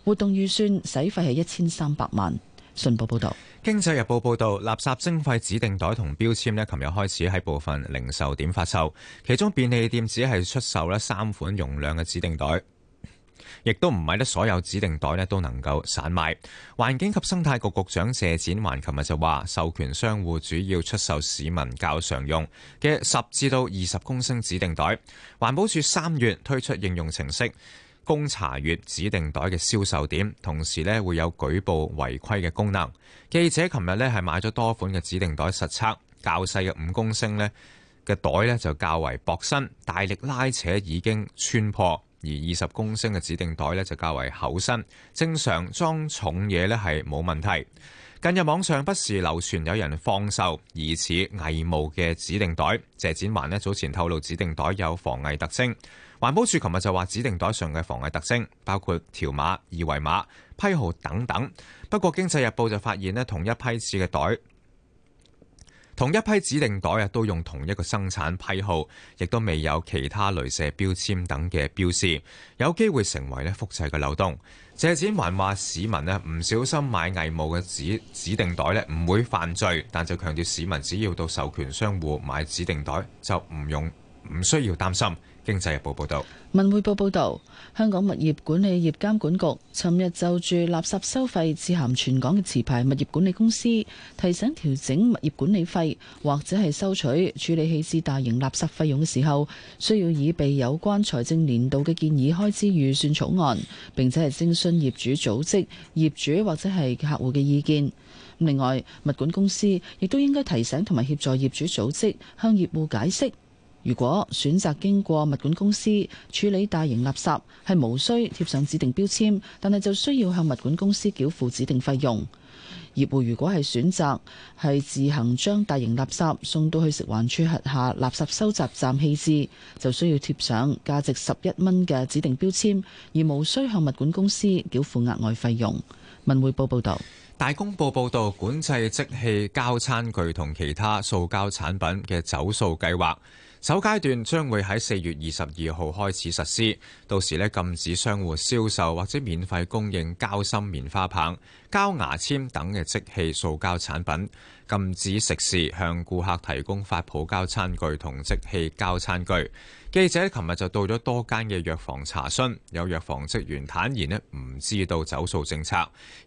活動預算使費係一千三百萬。信報報道，《經濟日報》報道，垃圾徵費指定袋同標籤呢琴日開始喺部分零售點發售。其中便利店只係出售呢三款容量嘅指定袋，亦都唔係咧所有指定袋呢都能夠散賣。環境及生態局局長謝展環琴日就話，授權商戶主要出售市民較常用嘅十至到二十公升指定袋。環保署三月推出應用程式。供查閲指定袋嘅銷售點，同時咧會有舉報違規嘅功能。記者琴日咧係買咗多款嘅指定袋實測，較細嘅五公升咧嘅袋咧就較為薄身，大力拉扯已經穿破；而二十公升嘅指定袋咧就較為厚身，正常裝重嘢咧係冇問題。近日網上不時流傳有人放售疑似偽冒嘅指定袋，謝展環咧早前透露指定袋有防偽特徵。環保署琴日就話，指定袋上嘅防偽特徵包括條碼、二維碼、批號等等。不過，《經濟日報》就發現呢同一批次嘅袋，同一批指定袋啊，都用同一個生產批號，亦都未有其他雷射標籤等嘅標示，有機會成為咧複製嘅漏洞。謝展寰話：市民咧唔小心買偽冒嘅指指定袋呢，唔會犯罪，但就強調市民只要到授權商戶買指定袋，就唔用唔需要擔心。《經濟日報》報導，《文匯報》報導，香港物業管理業監管局尋日就住垃圾收費致函全港嘅持牌物業管理公司，提醒調整物業管理費或者係收取處理棄置大型垃圾費用嘅時候，需要以備有關財政年度嘅建議開支預算草案，並且係徵詢業主組織、業主或者係客戶嘅意見。另外，物管公司亦都應該提醒同埋協助業主組織向業戶解釋。如果選擇經過物管公司處理大型垃圾，係無需貼上指定標籤，但係就需要向物管公司繳付指定費用。業戶如果係選擇係自行將大型垃圾送到去食環處轄下垃圾收集站棄置，就需要貼上價值十一蚊嘅指定標籤，而無需向物管公司繳付額外費用。文匯報報導，大公報報導管制即棄膠餐具同其他塑膠產品嘅走塑計劃。首階段將會喺四月二十二號開始實施，到時呢，禁止商戶銷售或者免費供應膠心棉花棒。膠牙籤等嘅即棄塑膠產品，禁止食肆向顧客提供發泡膠餐具同即棄膠餐具。記者琴日就到咗多間嘅藥房查詢，有藥房職員坦言咧唔知道走數政策，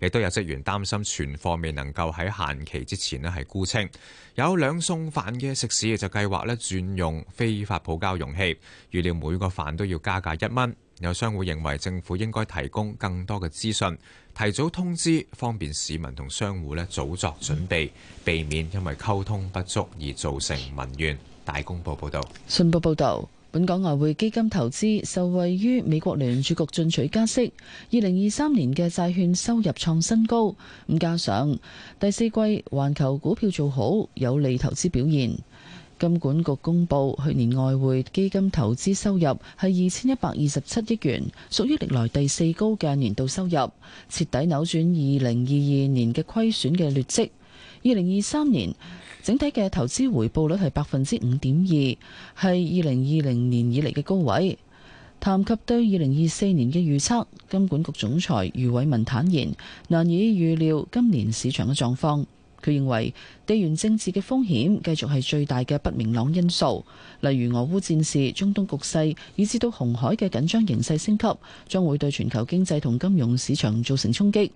亦都有職員擔心存貨未能夠喺限期之前咧係沽清。有兩餸飯嘅食肆就計劃咧轉用非發泡膠容器，預料每個飯都要加價一蚊。有商戶認為政府應該提供更多嘅資訊。提早通知，方便市民同商戶咧早作準備，避免因為溝通不足而造成民怨。大公報報道，信報報道，本港外匯基金投資受惠於美國聯儲局進取加息，二零二三年嘅債券收入創新高。咁加上第四季環球股票做好，有利投資表現。金管局公布去年外匯基金投資收入係二千一百二十七億元，屬於歷來第四高嘅年度收入，徹底扭轉二零二二年嘅虧損嘅劣績。二零二三年整體嘅投資回報率係百分之五點二，係二零二零年以嚟嘅高位。談及對二零二四年嘅預測，金管局總裁余偉文坦言難以預料今年市場嘅狀況。佢認為地緣政治嘅風險繼續係最大嘅不明朗因素，例如俄烏戰事、中東局勢，以至到紅海嘅緊張形勢升級，將會對全球經濟同金融市場造成衝擊。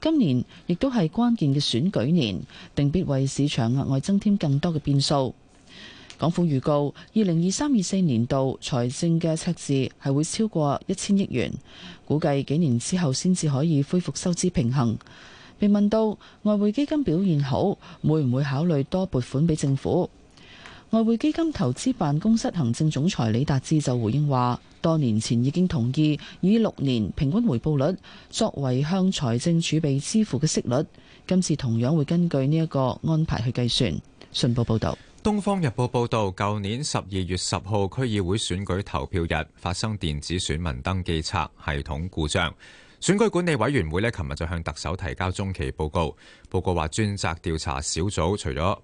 今年亦都係關鍵嘅選舉年，定必為市場額外增添更多嘅變數。港府預告，二零二三二四年度財政嘅赤字係會超過一千億元，估計幾年之後先至可以恢復收支平衡。被問到外匯基金表現好，會唔會考慮多撥款俾政府？外匯基金投資辦公室行政總裁李達志就回應話：多年前已經同意以六年平均回報率作為向財政儲備支付嘅息率，今次同樣會根據呢一個安排去計算。信報報道。《東方日報》報道，舊年十二月十號區議會選舉投票日發生電子選民登記冊系統故障。選舉管理委員會呢，琴日就向特首提交中期報告。報告話專責調查小組除咗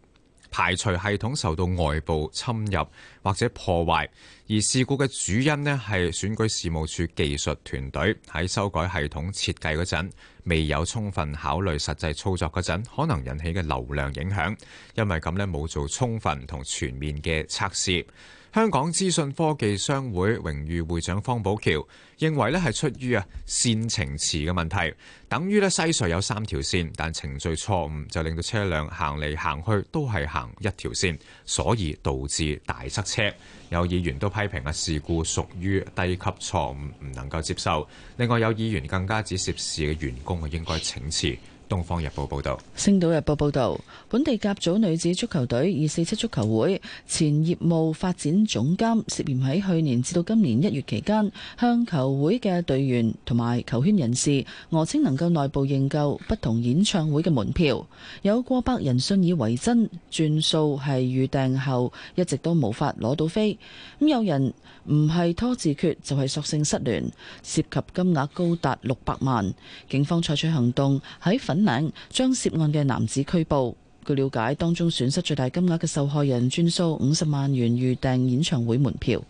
排除系統受到外部侵入或者破壞，而事故嘅主因呢，係選舉事務處技術團隊喺修改系統設計嗰陣，未有充分考慮實際操作嗰陣可能引起嘅流量影響，因為咁呢冇做充分同全面嘅測試。香港資訊科技商會榮譽會長方寶橋認為呢係出於啊線程池嘅問題，等於呢，西隧有三條線，但程序錯誤就令到車輛行嚟行去都係行一條線，所以導致大塞車。有議員都批評啊，事故屬於低級錯誤，唔能夠接受。另外有議員更加指涉事嘅員工啊，應該請辭。東方日報,報道》報導，《星島日報》報導，本地甲組女子足球隊二四七足球會前業務發展總監涉嫌喺去年至到今年一月期間，向球會嘅隊員同埋球圈人士，訛稱能夠內部認購不同演唱會嘅門票，有過百人信以為真，轉數係預訂後一直都無法攞到飛。咁有人。唔係拖字訣就係、是、索性失聯，涉及金額高達六百萬。警方採取行動喺粉嶺將涉案嘅男子拘捕。據了解，當中損失最大金額嘅受害人轉數五十萬元預訂演唱會門票。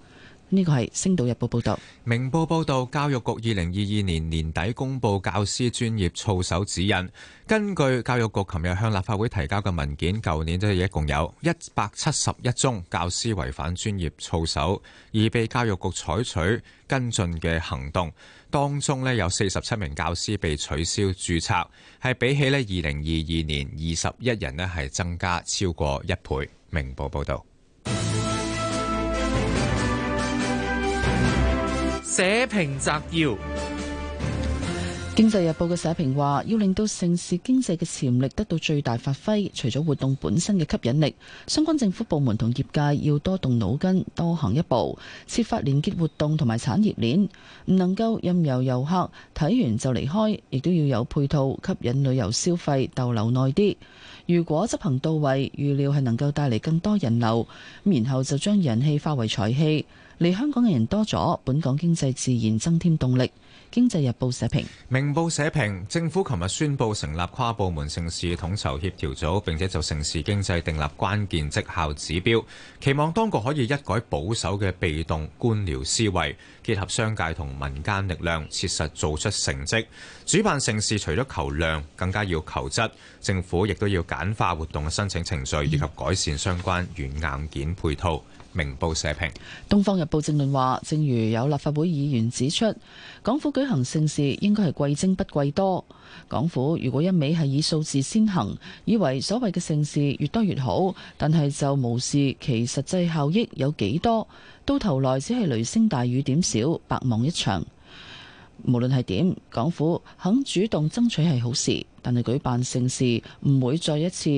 呢個係《星島日報》報道，《明報》報道，教育局二零二二年年底公布教師專業操守指引。根據教育局琴日向立法會提交嘅文件，舊年都係一共有一百七十一宗教師違反專業操守，而被教育局採取跟進嘅行動。當中呢，有四十七名教師被取消註冊，係比起呢二零二二年二十一人呢，係增加超過一倍。《明報》報道。社評摘要：經濟日報嘅社評話，要令到城市經濟嘅潛力得到最大發揮，除咗活動本身嘅吸引力，相關政府部門同業界要多動腦筋，多行一步，設法連結活動同埋產業鏈，唔能夠任由遊客睇完就離開，亦都要有配套吸引旅遊消費逗留耐啲。如果執行到位，預料係能夠帶嚟更多人流，然後就將人氣化為財氣。嚟香港嘅人多咗，本港經濟自然增添動力。經濟日報社評，明報社評，政府琴日宣布成立跨部門城市統籌協調組，並且就城市經濟訂立關鍵績效指標，期望當局可以一改保守嘅被動官僚思維，結合商界同民間力量，切實做出成績。主辦城市除咗求量，更加要求質，政府亦都要簡化活動嘅申請程序，以及改善相關軟硬件配套。明報社評，《東方日報》正論話，正如有立法會議員指出，港府舉行盛事應該係貴精不貴多。港府如果一味係以數字先行，以為所謂嘅盛事越多越好，但係就無視其實際效益有幾多，到頭來只係雷聲大雨點小，白忙一場。無論係點，港府肯主動爭取係好事，但係舉辦盛事唔會再一次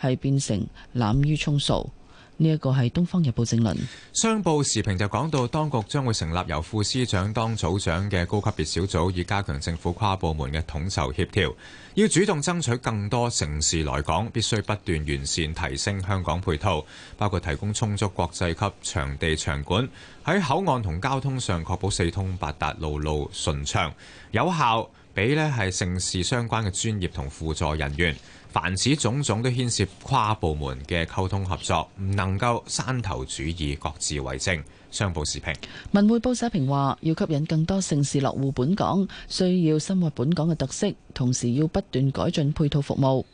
係變成濫竽充數。呢一個係《東方日報》正論。商報時評就講到，當局將會成立由副司長當組長嘅高級別小組，以加強政府跨部門嘅統籌協調。要主動爭取更多城市來港，必須不斷完善提升香港配套，包括提供充足國際級場地場館，喺口岸同交通上確保四通八達、路路順暢，有效俾呢係城市相關嘅專業同輔助人員。凡此種種都牽涉跨部門嘅溝通合作，唔能夠山頭主義各自為政。商報時評，文匯報社評話要吸引更多城市落戶本港，需要深化本港嘅特色，同時要不斷改進配套服務。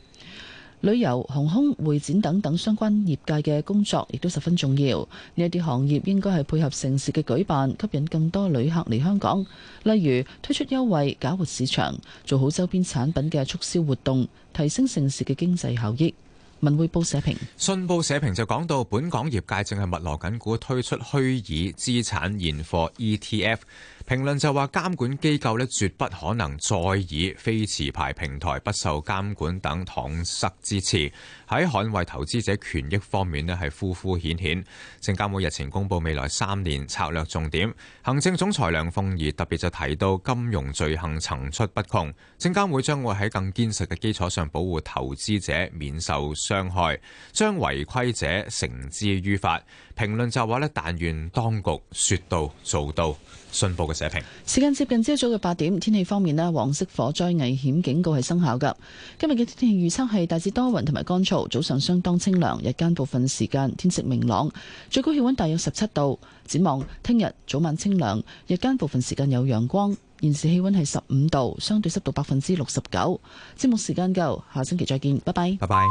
旅遊、航空、會展等等相關業界嘅工作亦都十分重要。呢一啲行業應該係配合城市嘅舉辦，吸引更多旅客嚟香港。例如推出優惠，搞活市場，做好周邊產品嘅促銷活動，提升城市嘅經濟效益。文匯報社評信報社評就講到，本港業界正係密鑼緊鼓推出虛擬資產現貨 ETF。評論就話，監管機構咧絕不可能再以非持牌平台不受監管等搪塞之詞。喺捍衛投資者權益方面咧係呼呼顯顯。證監會日前公布未來三年策略重點，行政總裁梁鳳儀特別就提到金融罪行層出不窮，證監會將會喺更堅實嘅基礎上保護投資者免受傷害，將違規者繩之於法。評論就話咧，但願當局說到做到。信報嘅社評，寫評時間接近朝早嘅八點。天氣方面咧，黃色火災危險警告係生效㗎。今日嘅天氣預測係大致多雲同埋乾燥，早上相當清涼，日間部分時間天色明朗，最高氣溫大約十七度。展望聽日早晚清涼，日間部分時間有陽光。現時氣溫係十五度，相對濕度百分之六十九。節目時間夠，下星期再見，拜拜，拜拜。